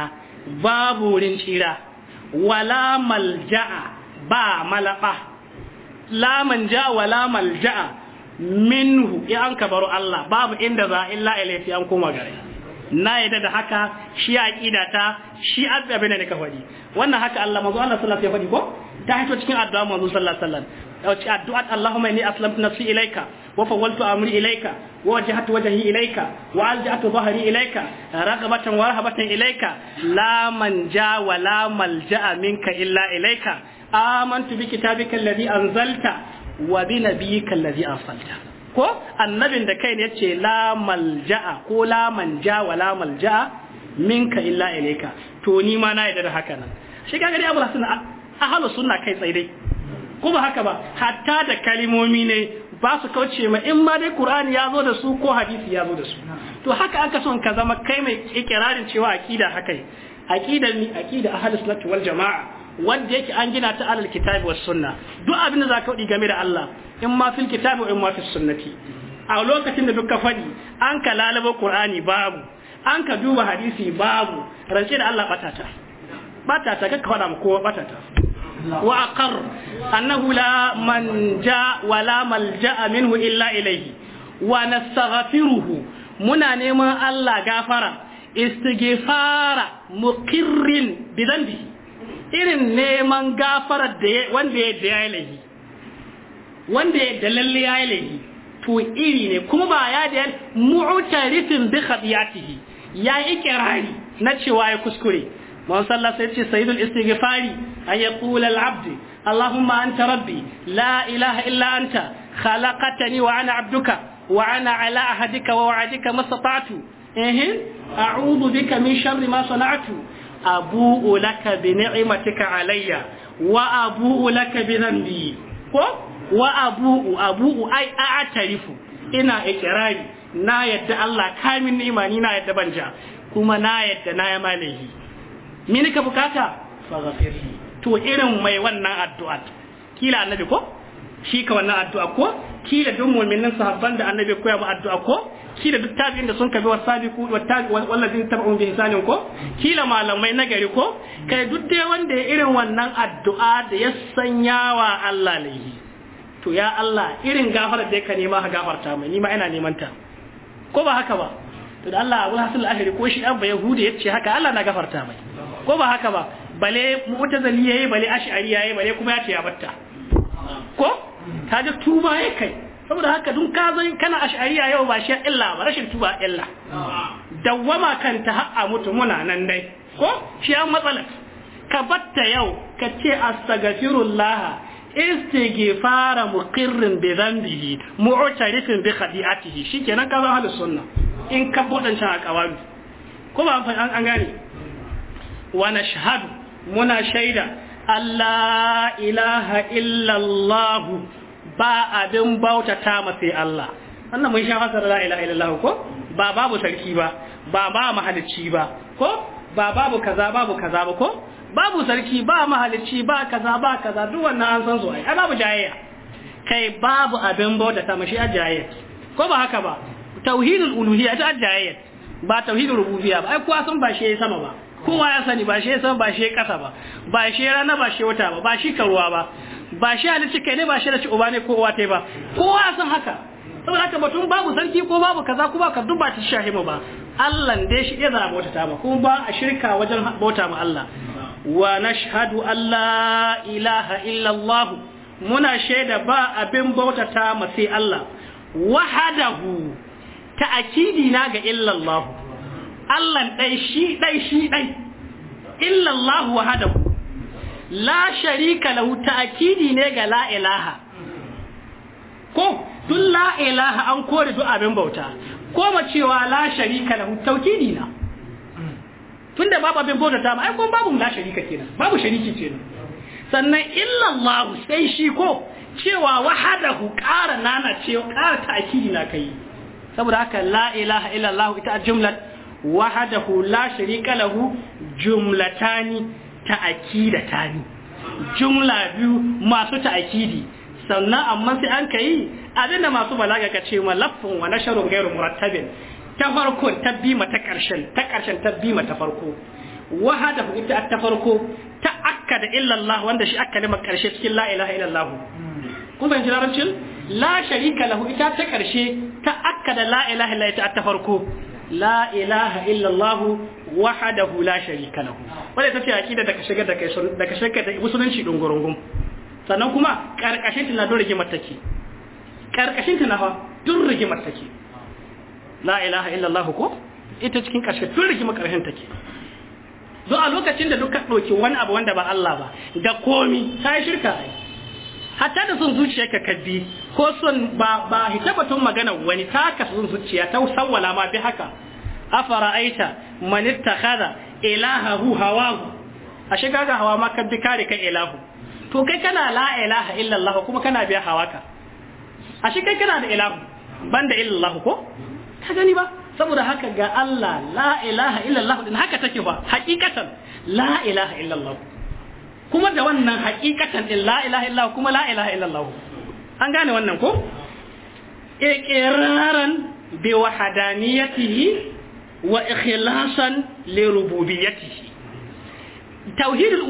babu wurin tsira wala malja'a ba malaba laman ja wala malja'a minhu ya an kabaru Allah babu inda za illa ilayhi an koma gare na yadda da haka shi aqida ta shi abin da nika faɗi wannan haka Allah manzo Allah sallallahu alaihi wasallam ya faɗi ko ta haifo cikin addu'a manzo sallallahu alaihi wasallam wace addu'a Allahumma inni aslamtu nafsi ilaika wa fawwaltu amri ilaika wa wajhatu wajhi ilaika wa alja'tu dhahri ilaika raqabatan wa rahabatan ilaika la manja wa la malja'a minka illa ilaika amantu bi kitabika alladhi anzalta wa bi nabiyyika alladhi arsalta ko annabin da kai ne yace la malja'a ko la manja wa la malja'a minka illa ilaika to ni ma na yarda da haka nan shi Hasan ahalu sunna kai tsaye dai ba haka ba hatta da kalimomi ne ba su kauce ma in ma dai qur'ani ya zo da su ko hadisi ya zo da su to haka aka son ka zama kai mai ikirarin cewa aqida haka ne aqida ni aqida ahlus sunnati wal jamaa wanda yake an gina ta alal kitabi was sunna duk abin da ka wadi game da Allah in ma fil kitabi in ma fis sunnati a lokacin da duka fadi an ka lalaba qur'ani babu an ka duba hadisi babu rance da Allah batata batata kakka fada mu kowa batata وأقر أنه لا من جاء ولا من جاء منه إلا إليه ونستغفره منا نيما الله غفر استغفار مقر بذنبه إن neman غفر وانده wanda إليه da ya laihi wanda ya da ya laihi to iri ne kuma ba ya da mu'tarifin bi khabiyatihi ya ikirari na cewa ya kuskure mawar sallah sai ce sayidul istighfari an allahumma an rabbi la ilaha ila'anta, anta khalaqata ni wa ana abduka wa ana ala ahadika wa wa'adika mastata'tu ehin a'udhu bika ma sana'tu abu'u laka bi ni'matika alayya wa abu'u laka bi dhanbi ko wa abu'u abu'u ai a'tarifu ina iqrari na yadda Allah kamin imani na yadda banja kuma na yadda na yi malahi me nika bukata faghfirli to irin mai wannan addu'a kila annabi ko shi ka wannan addu'a ko kila duk mu'minin sahabban da annabi koya ba addu'a ko kila duk tabi'in da sun kabi wala wallazin tabi'un bi hisanin ko kila malamai na gari ko kai duk dai wanda ya irin wannan addu'a da ya sanyawa Allah laihi to ya Allah irin gafara da ka nema ka gafarta mai ni ma ina neman ta ko ba haka ba to da Allah Abu Hasan al-Ashari ko shi dan ba Yahudi yace haka Allah na gafarta mai ko ba haka ba bale mu'tazili yayi bale ash'ari yayi bale kuma yace ya batta ko kaga tuba yake kai saboda haka dun ka zan kana ash'ariya yau ba shi illa ba rashin tuba illa dawwama kanta har a mutu muna nan dai ko shi an matsala ka batta yau ka ce astaghfirullah istighfara muqirrin bi dhanbihi mu'tarifin bi khati'atihi shikenan ka zan halus sunna in ka buɗancan a Ko ba an gane wa nashhadu shahadu muna shaida Allah ilaha allah ba abin ta mace Allah wannan mun sha hasar la ilaha allah ko ba babu sarki ba ba ba mahalicci ba ko ba babu kaza babu kaza ba ko babu sarki ba mahalicci ba kaza ba kaza duk wannan an san zuwa ai babu jayayya kai babu abin bauta ta mashi a jayayya ko ba haka ba tauhidul uluhiyya ta ajayyat ba tauhidul rububiyya ba ai kowa san ba shi sama ba kowa ya sani ba shi sama ba shi kasa ba ba shi rana ba shi wata ba ba shi karuwa ba ba shi halicci kai ne ba shi da ci uba ne ko uwa tai ba kowa san haka saboda haka batun babu sarki ko babu kaza ko babu kaddu ba ta shahi ba Allah dai shi ya zama bauta ta ba kuma ba a shirka wajen bauta ma Allah wa nashhadu alla ilaha illa Allah muna shaida ba abin bautata ma sai Allah wahadahu ta'akidi na ga illallah Allah dai shi dai shi dai illallah hadahu. la sharika lahu ta'akidi ne ga la ilaha ko tun la ilaha an kore du abin bauta ko ma cewa la sharika lahu tawkidi na tunda babu abin bauta ta ai kuma babu la sharika kenan babu shariki kenan sannan illallahu sai shi ko cewa wahadahu ƙara nana cewa ƙara akidi na kai saboda haka la ilaha illallah ita jumlat wahdahu la sharika lahu jumlatani ta'kidatani jumla biyu masu ta'kidi sannan amma sai an kai abinda masu balaga ka ce ma lafin wa nasharun ghairu murattabin ta farkon ta bima ta karshen ta karshen ta bima ta farko wahdahu ita ta farko ta akkada illallah wanda shi akka ne karshe cikin la ilaha illallah kun fahimci larabcin la sharika lahu ita ta ƙarshe ta akkada la ilaha illa ita ta farko la ilaha illallah wahdahu la sharika lahu wanda tace akida da daga shiga da kai da ka shirka da musulunci dungurungun sannan kuma karkashin na don rigimar take karkashin na fa don rigimar take la ilaha illallahu ko ita cikin karshe don rigimar karshen take zo a lokacin da duka ɗauki wani abu wanda ba Allah ba da komi ta shirka ai hatta da sun zuciya ka bi ko son ba ba hitabatun magana wani ta taka sun zuciya ta sawwala ma bi haka afara'aita man ittakhadha ilahahu hawahu shiga kaga hawa ma ka kare kai ilahu to kai kana la ilaha illa Allah kuma kana biya hawaka ashe kai kana da ilahu banda illa Allah ko ka gani ba saboda haka ga Allah la ilaha illa Allah din haka take ba hakikatan la ilaha illa Allah kuma da wannan hakikatan din la ilaha illallah kuma la ilaha illallah an gane wannan ko iqraran bi wahdaniyatihi wa ikhlasan li rububiyyatihi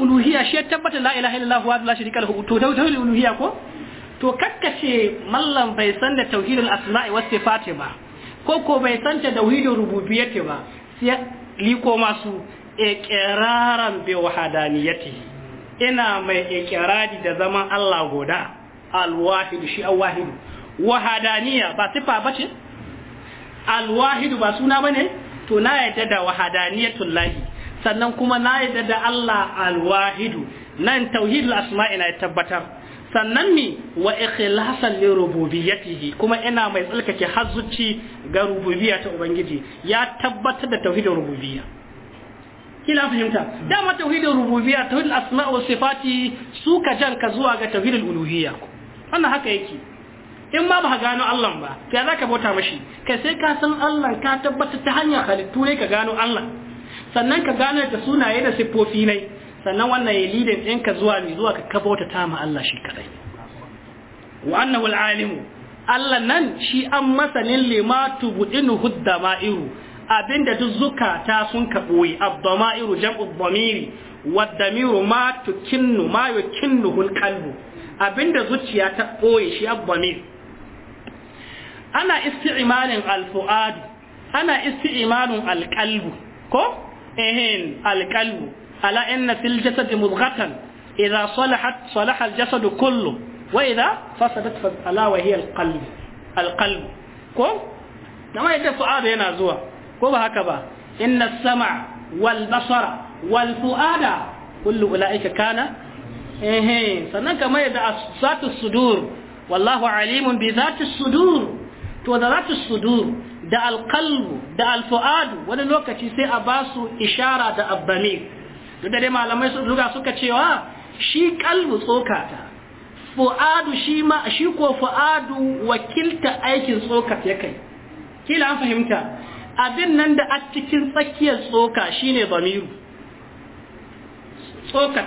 uluhiyya shi tabbata la ilaha illallah wa la sharika lahu to uluhiyya ko to kakkace mallam bai san da tauhidul asma'i was sifati ba ko ko bai san da tauhidul rububiyyati ba sai liko masu iqraran bi wahdaniyatihi ina mai ikirari da zaman Allah guda Alwahidu shi Alwahidu wahadaniya ba sifa bace Alwahidu ba suna bane to na yadda da wahadaniyatul lahi sannan kuma na yadda da Allah Alwahidu nan tauhidul asma'i na tabbatar sannan mi wa ikhlasan li rububiyyatihi kuma ina mai tsalkake hazzuci ga rububiyya ta ubangiji ya tabbatar da tauhidin rububiyya kila fahimta dama tauhidin rububiyya tauhidul asma wa sifati suka janka zuwa ga tauhidul uluhiyya wannan haka yake in ma baka gano Allah ba ya zaka bauta mashi kai sai ka san Allah ka tabbata ta hanyar halittu ne ka gano Allah sannan ka gano da sunaye da siffofi ne sannan wannan ya lidin din ka zuwa ne zuwa ka kabauta ta ma Allah shi kadai wa annahu al-alimu Allah nan shi an masanin lima tubudinu huddama'iru abinda duk ta sun ka boye abdama'iru jam'u Wadda waddamiru ma tukinnu ma yukinnuhu alqalbu abinda zuciya ta ɓoye shi abdamir ana isti'malin alfuadu. ana isti'malin alqalbu ko ehin alqalbu ala inna fil jasadi mudghatan Idan salahat salaha aljasadu kullu wa idha fasadat fasala wa hiya alqalb alqalb ko kamar yadda fu'ad yana zuwa ko ba haka ba inna sama wal basara wal fuada kullu ulaika kana eh sannan kamar yadda zatu sudur wallahu alimun bi zati sudur to da zati sudur da alqalbu da alfuadu wani lokaci sai a basu ishara da abbamir duk da dai malamai su duga suka cewa shi kalbu tsokata fu'adu shi ma shi ko fu'adu wakilta aikin tsokat ya kai kila an fahimta abin nan da a cikin tsakiyar tsoka shine zamiru tsokar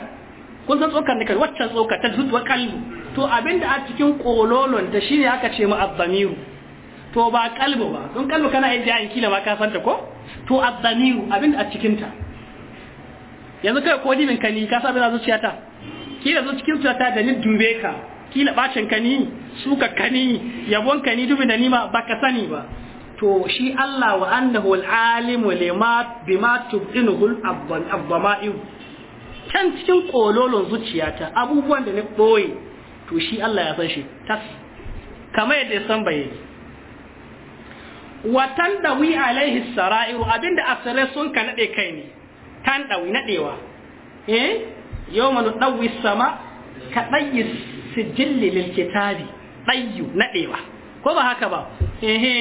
kun san tsokar ne kai waccan tsoka. ta zuwa kalbu to abin da a cikin kololon ta shine aka ce mu azzamiru to ba kalbu ba don kalbu kana yin jayin kila ma ka ta ko to azzamiru abin da a cikin ta yanzu kai ko dimin kani ka sa abin ta. kila zo cikin zuciyata da ni dube ka kila bacin kani suka kani yabon kani dubin da nima ba ka sani ba to shi Allah wa annahu al wa lima bima tubdinuhu al-abdama'i can cikin kololon zuciyata abubuwan da ne boye to shi Allah ya san shi tas kamar yadda san baye wa tandawi alaihi sara'iru abinda asare sun ka nade kai ne tandawi nadewa eh yawma nadawi sama ka dayyis sijilli lil kitabi dayyu nadewa ko ba haka ba ehe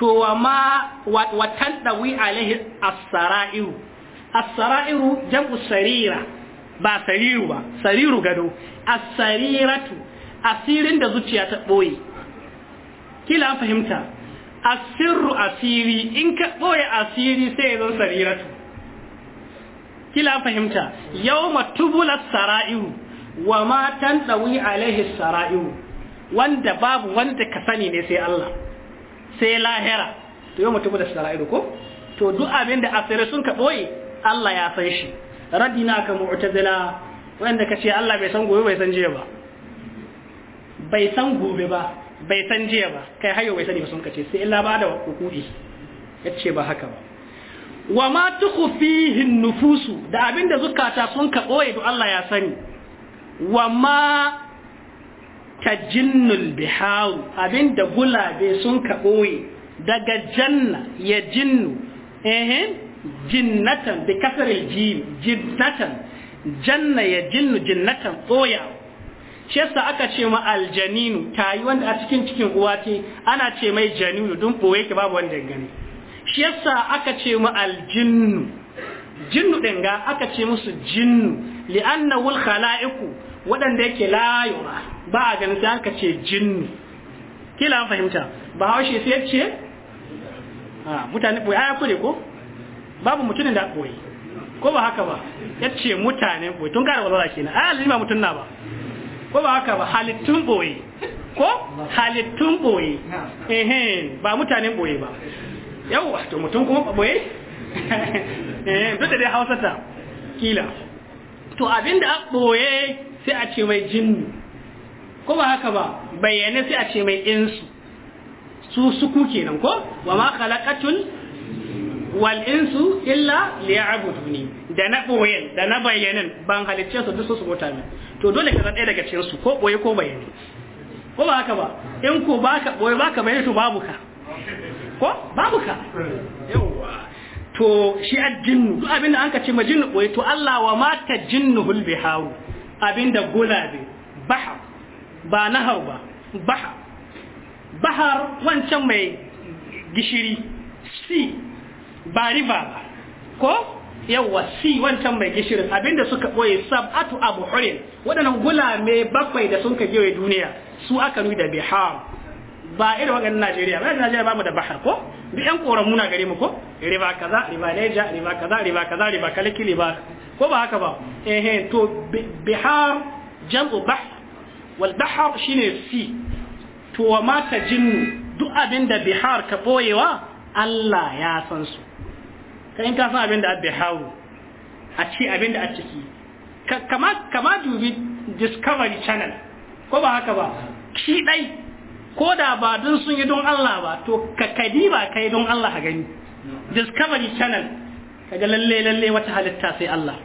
to wa ma watan dawi alaihi as-sara'iru as-sara'iru jam'u sarira ba sariru ba sariru gado as-sariratu asirin da zuciya ta boye kila an fahimta sirru asiri in ka boye asiri sai ya zo sariratu kila fahimta yau as sara'iru wa tan ɗawi alaihi sara'iru wanda babu wanda ka sani ne sai Allah sai lahira to yau mutum da sara'iru ko to duk abin da asiri sun ka boye Allah ya san shi radina ka mu'tazila wanda ka ce Allah bai san gobe bai san jiya ba bai san gobe ba bai san jiya ba kai hayo bai sani ba sun ce sai illa ba da hukumi yace ba haka ba wa ma tukhfihi nufusu da abinda zukata sun ka boye to Allah ya sani wa ma ta jinnul biharu abinda gulabe sun ka ɓoye daga janna ya jinnu ehem jinnatan bi kasar jim jinnatan janna ya jinnu jinnatan ɓoya shi yasa aka ce ma aljaninu tayi wanda a cikin cikin uwa ce ana ce mai janinu don ɓoye ke babu wanda gani shi yasa aka ce ma aljinnu jinnu ɗin aka ce musu jinnu li'annahu al-khala'iqu waɗanda yake la yura ba a ganin sai aka ce jinnu kila an fahimta ba haushe sai ya ce a ah, mutane boye ya kure ko babu mutumin da boye ko ba haka ba ya ce mutane boye tun kare walwala kenan a yanzu ba mutum na ba ko ba haka ba halittun boye ko halittun boye eh ba mutanen boye ba yawa to mutum kuma boye eh duk da dai hausata kila to abinda a boye sai a ce mai jinnu ko ba haka ba bayyane sai a ce mai insu su suku kenan ko wa ma khalaqatul wal insu illa liya'buduni da na boyen da na bayyanin ban halicce su su mutane to dole ka ɗaya daga cikin su ko boye ko bayyane ko ba haka ba in ko baka boye baka bayyane to babu ka ko babu ka yawa to shi aljinnu duk abin da an ka ce ma boye to Allah wa ma ta jinnuhul biharu abinda da gulabe bahar ba nahar ba bahar bahar wancan mai gishiri si ba riba ba ko yawa si wancan mai gishirin abinda suka koye sab'atu abu hurin waɗannan gulame bakwai da sun ka gewe duniya su aka nuna da bihar ba irin waɗannan Najeriya ba Najeriya ba mu da bahar ko bi yan koran muna gare mu ko riba kaza riba Neja riba kaza riba kaza riba kaliki riba ko ba haka ba eh to bihar jam'u bahar wal bahar shine si to wa mata jinnu duk abin da bihar ka boyewa Allah ya san su ka in ka san abin da biharu a ci abin da a ciki kama kama dubi discovery channel ko ba haka ba shi ɗai ko da ba dun sun yi don Allah ba to ka kadi ba kai don Allah a gani discovery channel kaga lalle lalle wata halitta sai Allah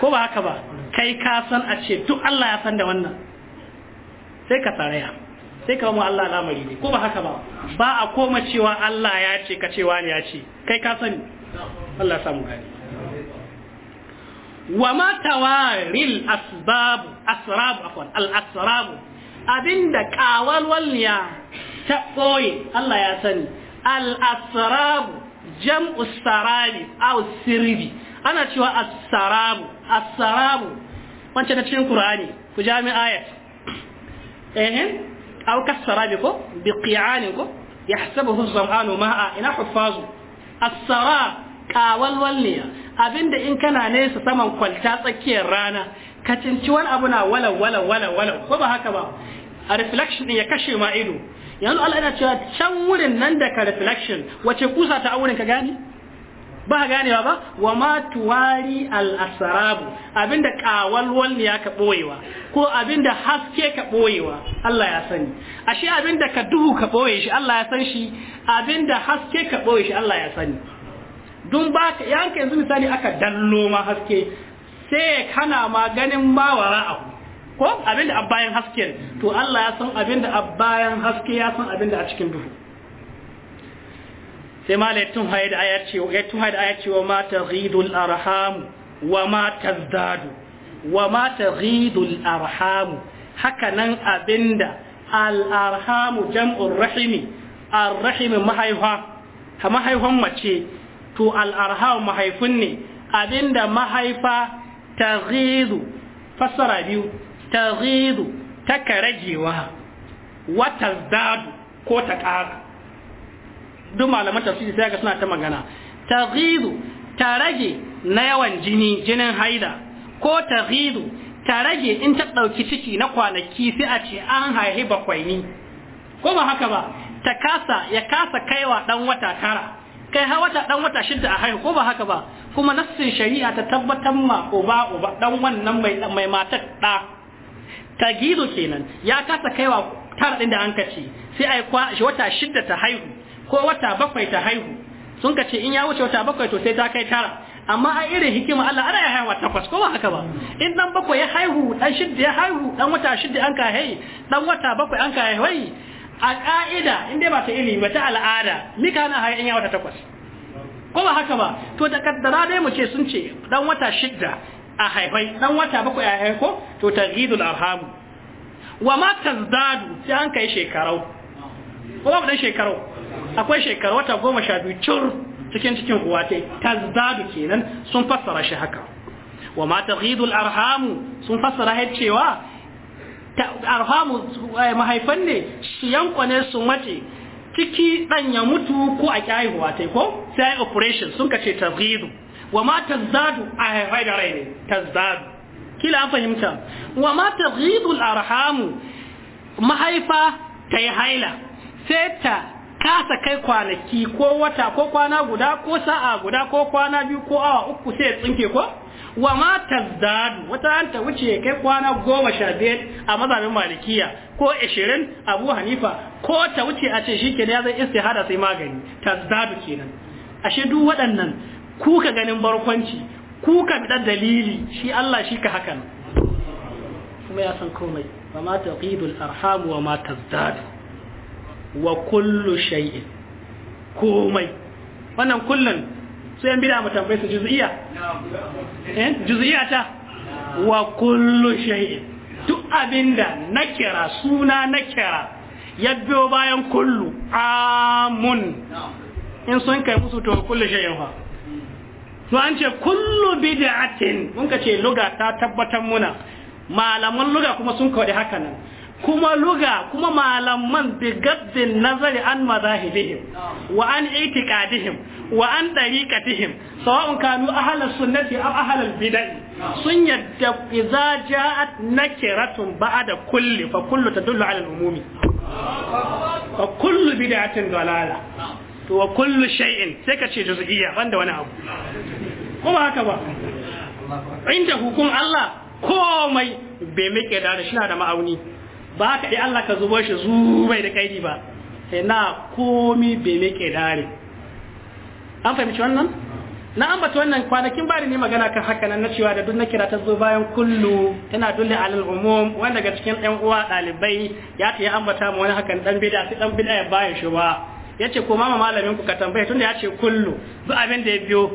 ko ba haka ba kai ka san a ce duk Allah ya san da wannan sai ka tsaraya sai ka mu Allah lamari ne ko ba haka ba ba a koma cewa Allah ya ce ka cewa ne ya ce kai ka sani Allah samu gani wa ma tawaril asbab asrab afwan al asrab abinda kawalwalniya ta boye Allah ya sani al asrab jam'u sarabi aw sirbi ana cewa as-sarabu as-sarabu wancan cikin Qur'ani ku ayat eh aw kasarabi ko bi qi'an ko yahsabuhu az ma'a ina huffazu as-sara kawalwal abinda in kana nesa saman kwalta tsakiyar rana ka cinci wani abu na wala wala wala wala ko ba haka ba a reflection ya kashe ma ido yanzu Allah yana cewa can wurin nan da ka reflection wace kusa ta auren ka gani ba ganewa ba wa ma tuwari al abinda kawalwal ne ka boyewa ko abinda haske ka boyewa Allah ya sani ashe abinda ka duhu ka boye shi Allah ya san shi abinda haske ka boye shi Allah ya sani dun ba ka yanka yanzu misali aka dallo ma haske sai kana ma ganin ma wara'ahu ko abinda abayan haske, to Allah ya san abinda abayan haske ya san abinda a cikin duhu sai ma laitun haid aya ce wa mata taghidul arham wa mata tazdadu wa mata taghidul arham haka nan abinda al jam'un jam'ur rahimi ar rahimi mahaifa ha mahaifan mace to al arham mahaifin ne abinda mahaifa taghidu fassara biyu ta taghidu taka ragewa wata tazdadu ko ta ƙara duk malaman tafsiri sai ga suna ta magana taghidu ta rage na yawan jini jinin haida ko taghidu ta rage in ta ɗauki ciki na kwanaki sai a ce an haihi ni. ko ba haka ba ta kasa ya kasa kaiwa dan wata tara kai ha wata ɗan wata shidda a haihu ko ba haka ba kuma nassin shari'a ta tabbatar ma uba uba ɗan wannan mai mai matar ɗa ta gizo kenan ya kasa kaiwa tara ɗin da an kace sai a yi wata shidda ta haihu ko wata bakwai ta haihu sun ka ce in ya wuce wata bakwai to sai ta kai tara amma a irin hikima Allah ana ya haihuwa takwas ko ba haka ba in dan bakwai ya haihu dan shidda ya haihu dan wata shidda an ka haihu dan wata bakwai an ka haihu. a ka'ida in dai ba ta ilimi ba ta al'ada Ni ka na haihu in ya wata takwas ko ba haka ba to da kaddara dai mu ce sun ce dan wata shidda a haifai dan wata bakwai a haihu ko. to tagidul arham wa ma tazdadu sai an kai shekarau ko ba dan shekarau akwai shekaru wata goma sha biyu cur cikin cikin uwa ta tazdadu kenan sun fassara shi haka wa ma taghidul arhamu sun fassara har cewa arhamu eh, mahaifan ne shi yankwane su mace ciki dan ya mutu ko a kyaihuwa ta ko sai operation sun kace taghidu wa ma tazdadu a haifai da rai ne tazdadu kila an fahimta wa ma taghidul arhamu mahaifa ta yi haila sai ta kasa kai kwanaki ko wata ko kwana guda ko sa'a guda ko kwana biyu ko awa uku sai tsinke ko wa ma tazdadu wata an ta wuce kai kwana goma sha biyar a mazhabin malikiya ko ishirin abu hanifa ko ta wuce a ce shi ke ya zai istihada sai magani tazdadu kenan ashe duk waɗannan kuka ganin barkwanci kuka da dalili shi Allah shi ka hakan kuma ya san komai wa ma taqidul arham wa ma tazdadu wa kullu shay'in komai wannan kullun sai an bida mu tambaye su juz'iyya eh juz'iyya ta wa kullu shay'in duk abinda nakira suna nakira ya biyo bayan kullu amun in sun kai musu to kullu shay'in fa to an ce kullu bid'atin mun ka ce luga ta tabbatar muna malaman luga kuma sun kawai haka nan kuma luga kuma malaman bigaddin nazari an mazahibihim wa an itiqadihim wa an dariqatihim sawa'un kanu ahlus sunnati aw ahlul bid'ah sun yadda idza ja'at nakiratun ba'da kulli fa kullu tadullu 'ala al-umumi fa kullu bid'atin dalala to wa kullu shay'in sai ka ce juz'iyya banda wani abu kuma haka ba inda hukum Allah komai bai miƙe da shi na da ma'auni ba ka yi Allah ka zubo shi zubai da kaidi ba na komi bai meke dare an fahimci wannan na ambata wannan kwanakin bari ne magana kan haka nan na cewa da duk na kira ta zo bayan kullu tana dulle alal umum wanda daga cikin ɗan uwa ɗalibai ya ta yi ambata mu wani hakan dan bid'a sai dan bid'a ya bayan shi ba yace ko mama malamin ku ka tambaye tunda ya ce kullu duk abin da ya biyo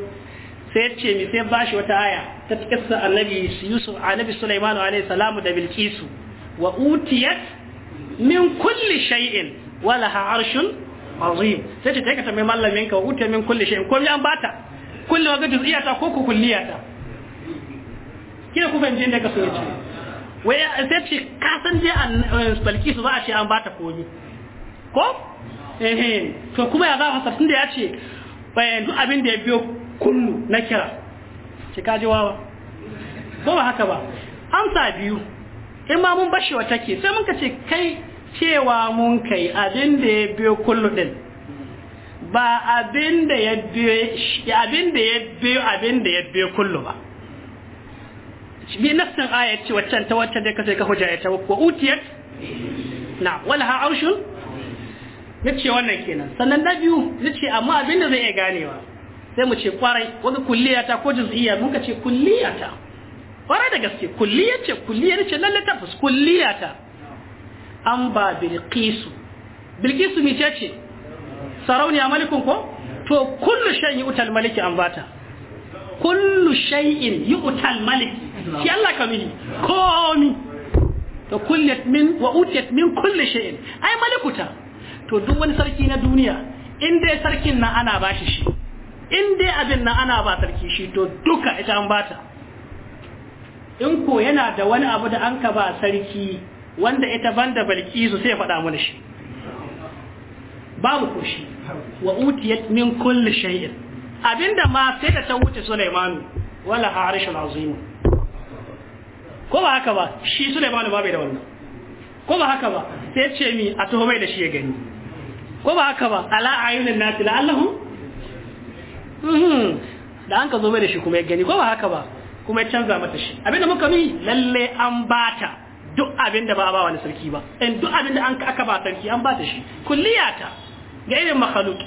sai yace ce mi sai shi wata aya ta cikin annabi Yusuf annabi Sulaiman alaihi salamu da Bilkisu wa utiyat min kulli shay'in wa laha arshun azim sai ta taika tambayi mallamin ka wa min kulli shay'in ko an bata kulli waga juz'iyata ko ku kulliyata kina ku fahimci inda ka so waya sai ce ka san je an eh, balki su za a ce an bata komai ko eh to kuma ya za ka tunda ya ce bayan duk abin da ya biyo kullu na kira ki kaji wawa ba haka ba amsa biyu in ma mun bashi wa take sai mun kace ce kai cewa mun kai abin da ya biyo kullu din ba abin da ya biyo abin da ya biyo abin da ya biyo kullu ba bi nafsin aya ce waccan ta waccan da kace ka hujja ya ta ko utiyat na wala ha arshun nace wannan kenan sannan na biyu nace amma abin da zai iya ganewa sai mu ce kwarai wani kulliyata ko juz'iyya Mun ce kulliyata fara da gaske kulliya ce kulliya ce lalle tabbas kulliya ta an ba Bilkisu. Bilkisu mi ce sarauniya malikun ko to kullu shay'in utal maliki an bata kullu shay'in yu'tal malik shi Allah ka mini komi to kullat min wa utiyat min kulli shay'in ai malikuta to duk wani sarki na duniya in dai sarkin nan ana bashi shi in dai abin nan ana ba sarki shi to duka ita an bata in ko yana da wani abu da an ka ba sarki wanda ita ban banda balkisu sai faɗa mana shi babu ko shi wa utiyat min kulli shay'in abinda ma sai da ta wuce Sulaiman wala harishul azim ko ba haka ba shi Sulaiman ba bai da wannan ko ba haka ba sai ce mi a taho mai da shi ya gani ko ba haka ba ala ayunin nasi la'allahum mhm. da an ka zo mai da shi kuma ya gani ko ba haka ba kuma ya canza mata shi abinda muka yi lalle an bata duk abinda ba a ba wani sarki ba in duk abinda an aka ba sarki an bata shi kulliyata ga irin makhluki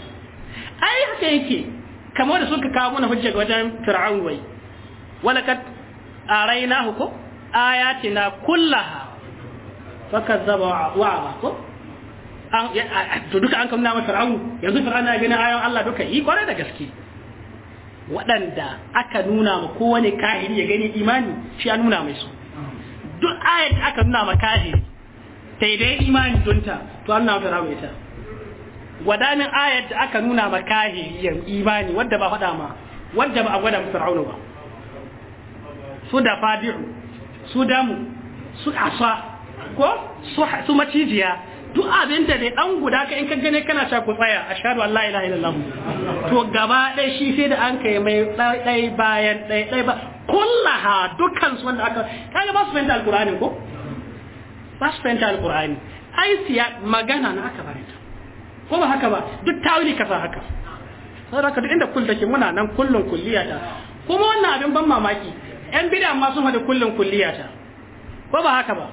ai haka yake kamar da suka kawo mana hujja wajen fir'aun wai walakat araina huko ayatina kullaha fakazzaba ba ko an to duka an kamna masa fir'aun yanzu fir'aun ya gani ayoyin Allah duka yi kwarai da gaske waɗanda aka nuna ma kowane kahiri ya gani imani shi ya nuna mai su duk ayat aka nuna ma kahiri ta yi dai imani dunta to an na fara ta gwadanin ayat da aka nuna ma kahiri ya imani wadda ba faɗa ma wadda ba a gwada mu fir'auna ba su da fadi'u su damu su asa ko su macijiya duk abin da dai dan guda ka in ka gane kana ta ku tsaya ashhadu an la ilaha illallah to gaba dai shi sai da an kai mai dai bayan dai dai ba kullaha dukkan su wanda aka kaga ba su fahimta alqur'ani ko ba su fahimta alqur'ani ai siya magana na aka bari ko ba haka ba duk tawili ka sa haka sai raka duk inda kul take muna nan kullun kulliya ta kuma wannan abin ban mamaki yan bid'a ma sun hada kullun kulliya ta ko ba haka ba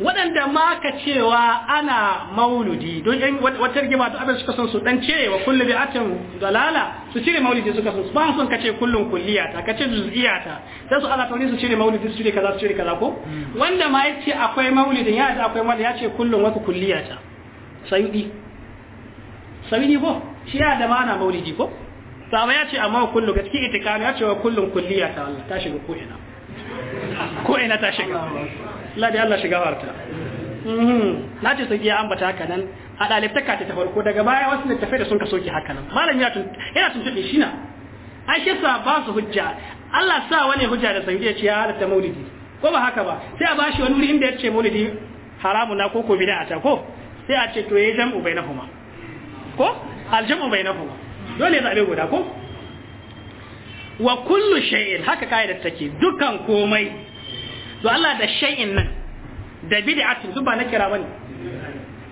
waɗanda ma ka cewa ana mauludi don yan wata rigima da abin suka son su dan cire wa kullu atin dalala su cire maulidi suka son su ba son kace kullun kulliyata ka ce juz'iyata sai su ala tauri su cire maulidi su cire kaza su cire kaza ko hmm. wanda ma yace akwai maulidin ya ce akwai maulidi ce kullun wata kulliyata sayudi sayudi ko shi ya da mana maulidi ko sama ya ce amma kullu gaskiya itikani ya ce wa kullun kulliyata Allah ta shiga ko'ina. ko ina ta shiga Allah da Allah shiga warta mhm. na ce sun iya ambata haka nan a ka ta farko daga baya wasu littafai da sun ka soke haka nan malam yana tun tuntuɓe shi na An shi sa ba su hujja Allah sa wani hujja da sauki ya ce ya halatta maulidi ko ba haka ba sai a bashi wani wuri inda ya ce maulidi haramun na ko ko a ta ko sai a ce to yi jam'u bainahuma ko aljam'u bainahuma dole ya zabe guda ko wa kullu shay'in haka kaidar take dukan komai to Allah da shay'in nan da bid'atu duk ba na kira bane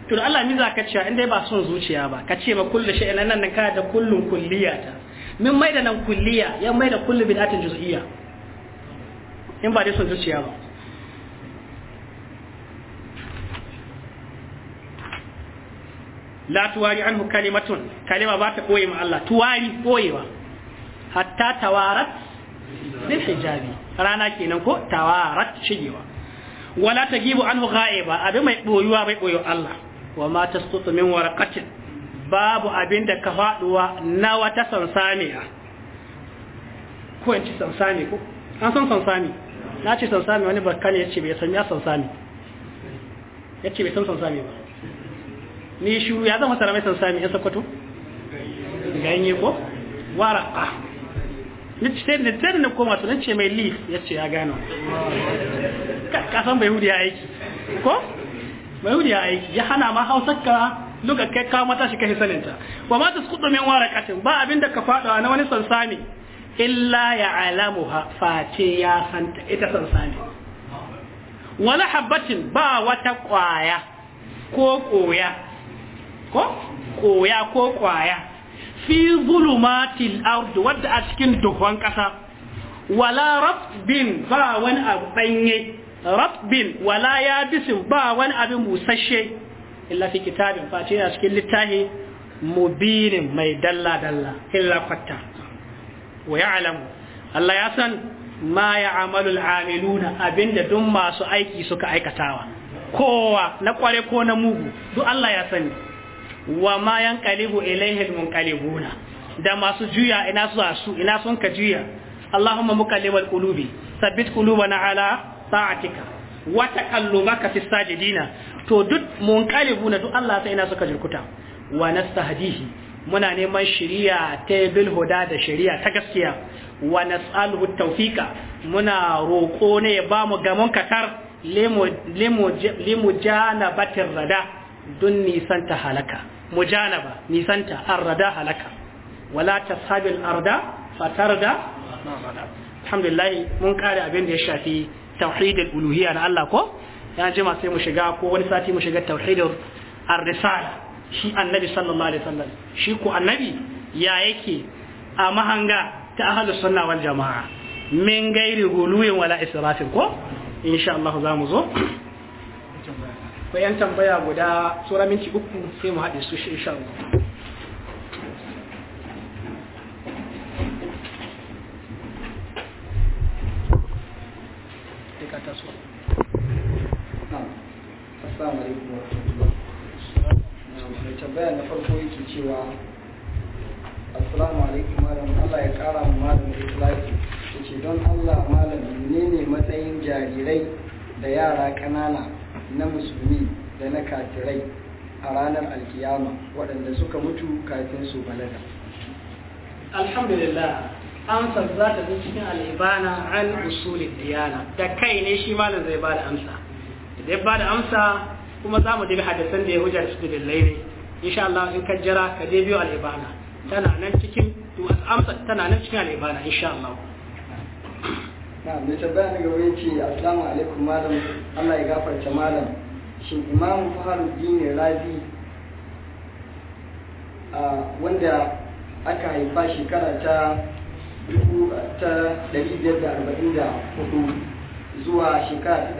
to da Allah ni za ka in dai ba son zuciya ba ka ce ba kullu shay'in nan nan ka da kullun kulliyata min mai da nan kulliya ya mai da kullu bid'atin juz'iyya in ba dai son zuciya ba la tuwari anhu kalimatun kalima ba ta koyi ma Allah tuwari koyewa hatta tawarat bil hijabi rana kenan ko tawarat shigewa wala tajibu anhu ghaiba abin mai boyuwa bai boyo Allah wa ma tasqutu min warqatin babu abin da ka faduwa na wata sansaniya ko in ci sansani ko an san sansani na ci sansani wani barkani ya ce bai san ya sansani ce bai san sansani ba ni shuru ya zama saramai sansani ya sakwato ganye ko waraka nace ka san bai aiki ko bai aiki ma kai ka mata shi kai saninta wa ma tasqutu min ba abinda ka fada na wani sansani illa ya alamuha face ya santa ita sansani wala habbatin ba wata kwaya ko koya ko koya ko kwaya fi zulumatil ard wadda a cikin duhun kasa wala rabbin ba wani abu danye rabbin wala yabisin ba wani abu musashe illa fi kitabin face a cikin littafi mubinin mai dalla dalla illa kwatta wa ya'lamu Allah ya san ma ya'malul amiluna abinda duk masu aiki suka aikatawa kowa na kware ko na mugu duk Allah ya sani wa ma yanqalibu ilayhi almunqalibuna da masu juya ina su su ina sun ka juya Allahumma muqallibal qulubi thabbit qulubana ala ta'atika wa taqallubaka fis sajidina to duk munqalibuna duk Allah sai ina suka jirkuta wa nastahdihi muna neman shari'a ta bil huda da shari'a ta gaskiya wa nas'aluhu tawfiqa muna roko ne ya bamu gamon katar limu limu limu rada don nisanta halaka mujanaba nisanta arda halaka wala tashabil arda fatarda alhamdulillah mun kare abin da ya shafi tauhidul uluhiyya na Allah ko ya jima sai mu shiga ko wani sati mu shiga tauhidul ar-risala shi annabi sallallahu alaihi wasallam shi ko annabi ya yake a mahanga ta ahlus sunna wal jamaa min gairi guluyin wala israfin ko insha Allah za mu zo bayan tambaya guda tsoramin minti uku sai mu haɗe su shi insha kafirai a ranar alkiyama waɗanda suka mutu kafin su balaga alhamdulillah amsar za ta zo cikin al'ibana an usulin diyana da kai ne shi malam zai ba da amsa da ba da amsa kuma za mu dabi hadisan da ya hujjar su da ne insha Allah in ka jira ka je biyo al'ibana tana nan cikin amsa tana nan cikin al'ibana insha Allah na mai tabbata ga wani ce assalamu alaikum malam Allah ya gafarta malam shin imamu faharuddin razi wanda aka haifa shekara ta 1544 zuwa shekara ta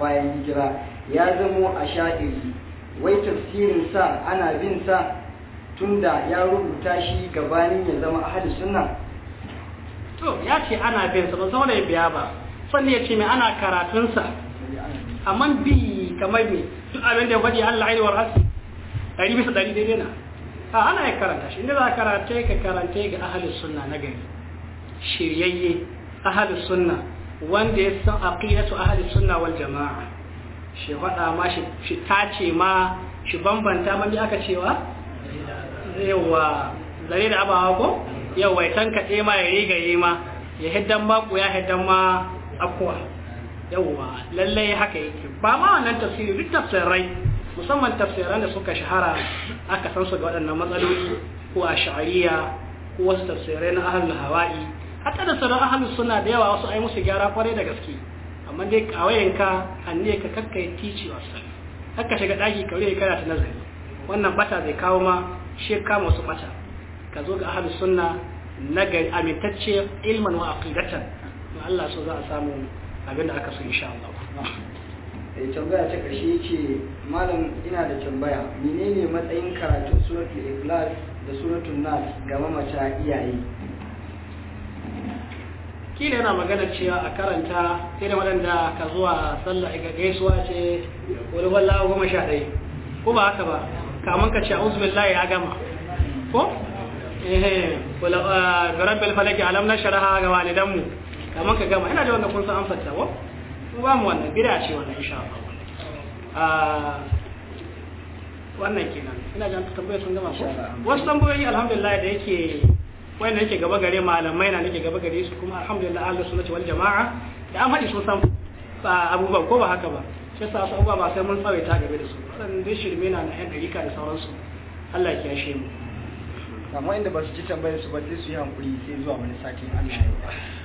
606 bayan hijira ya zamo a sha'iri wai tafsirin sa ana bin sa tunda ya rubuta shi gabanin ya zama ahli sunna to ya ce ana bin sa ba saboda ya biya ba sannan ya ce mai ana karatunsa amma bi kamar ne duk abin da ya faɗi Allah ainihin warhasi ɗari bisa ɗari daidai na a ana ya karanta shi inda za a karanta ka karanta ga ahalin sunna na gari shiryayye ahalin sunna wanda ya san aqidatu ahalin sunna wal jama'a shi faɗa ma shi tace ma shi bambanta ma aka cewa yawa zare da abawa ko yawa ya tankaɗe ma ya rigaye ma ya hiddan baku ya hiddan ma akuwa yawwa lallai haka yake ba ma wannan tafsiri duk tafsirai musamman tafsiran da suka shahara aka san su ga waɗannan matsaloli ko a sha'ariya ko wasu tafsirai na ahlul hawa'i hatta da sauran ahlus suna da yawa wasu ai musu gyara kwarai da gaske amma dai kawayenka hanne ka kakka tici wasu haka shiga ɗaki ka rike kana ta nazari wannan bata zai kawo ma shi kama wasu bata ka zo ga ahlus sunna na amintacce ilman wa aqidatan Allah so za a samu abin aka so insha Allah eh tambaya ta karshe ce malam ina da tambaya menene matsayin karatun suratul ikhlas da suratul nas ga mamata iyaye kila yana magana cewa a karanta irin waɗanda ka zuwa sallah ga gaisuwa ce wani walla goma sha ɗaya ko ba haka ba kamun ka ce a uzumin layi ya gama ko? ehe eh. wala garabin eh, falaki alam na sharaha ga walidanmu kamar ka gama ina da wannan kun san amsar ta mu ba mu wannan bira ce wannan insha Allah ah, wannan kenan ina ga tambayar sun gama ko wasu tambayoyi alhamdulillah da yake wanda yake gaba gare malamai na nake gaba gare su kuma alhamdulillah Allah sunnati wal jamaa da an faɗi sun san abubuwan ko ba haka ba shi yasa su abubuwa ba sai mun tsawaita game da su wannan dai shirme na na yan ɗarika da sauransu Allah ya kiyashe mu amma inda ba su ci tambayar su ba sai su yi hankuri sai zuwa wani satin Allah ya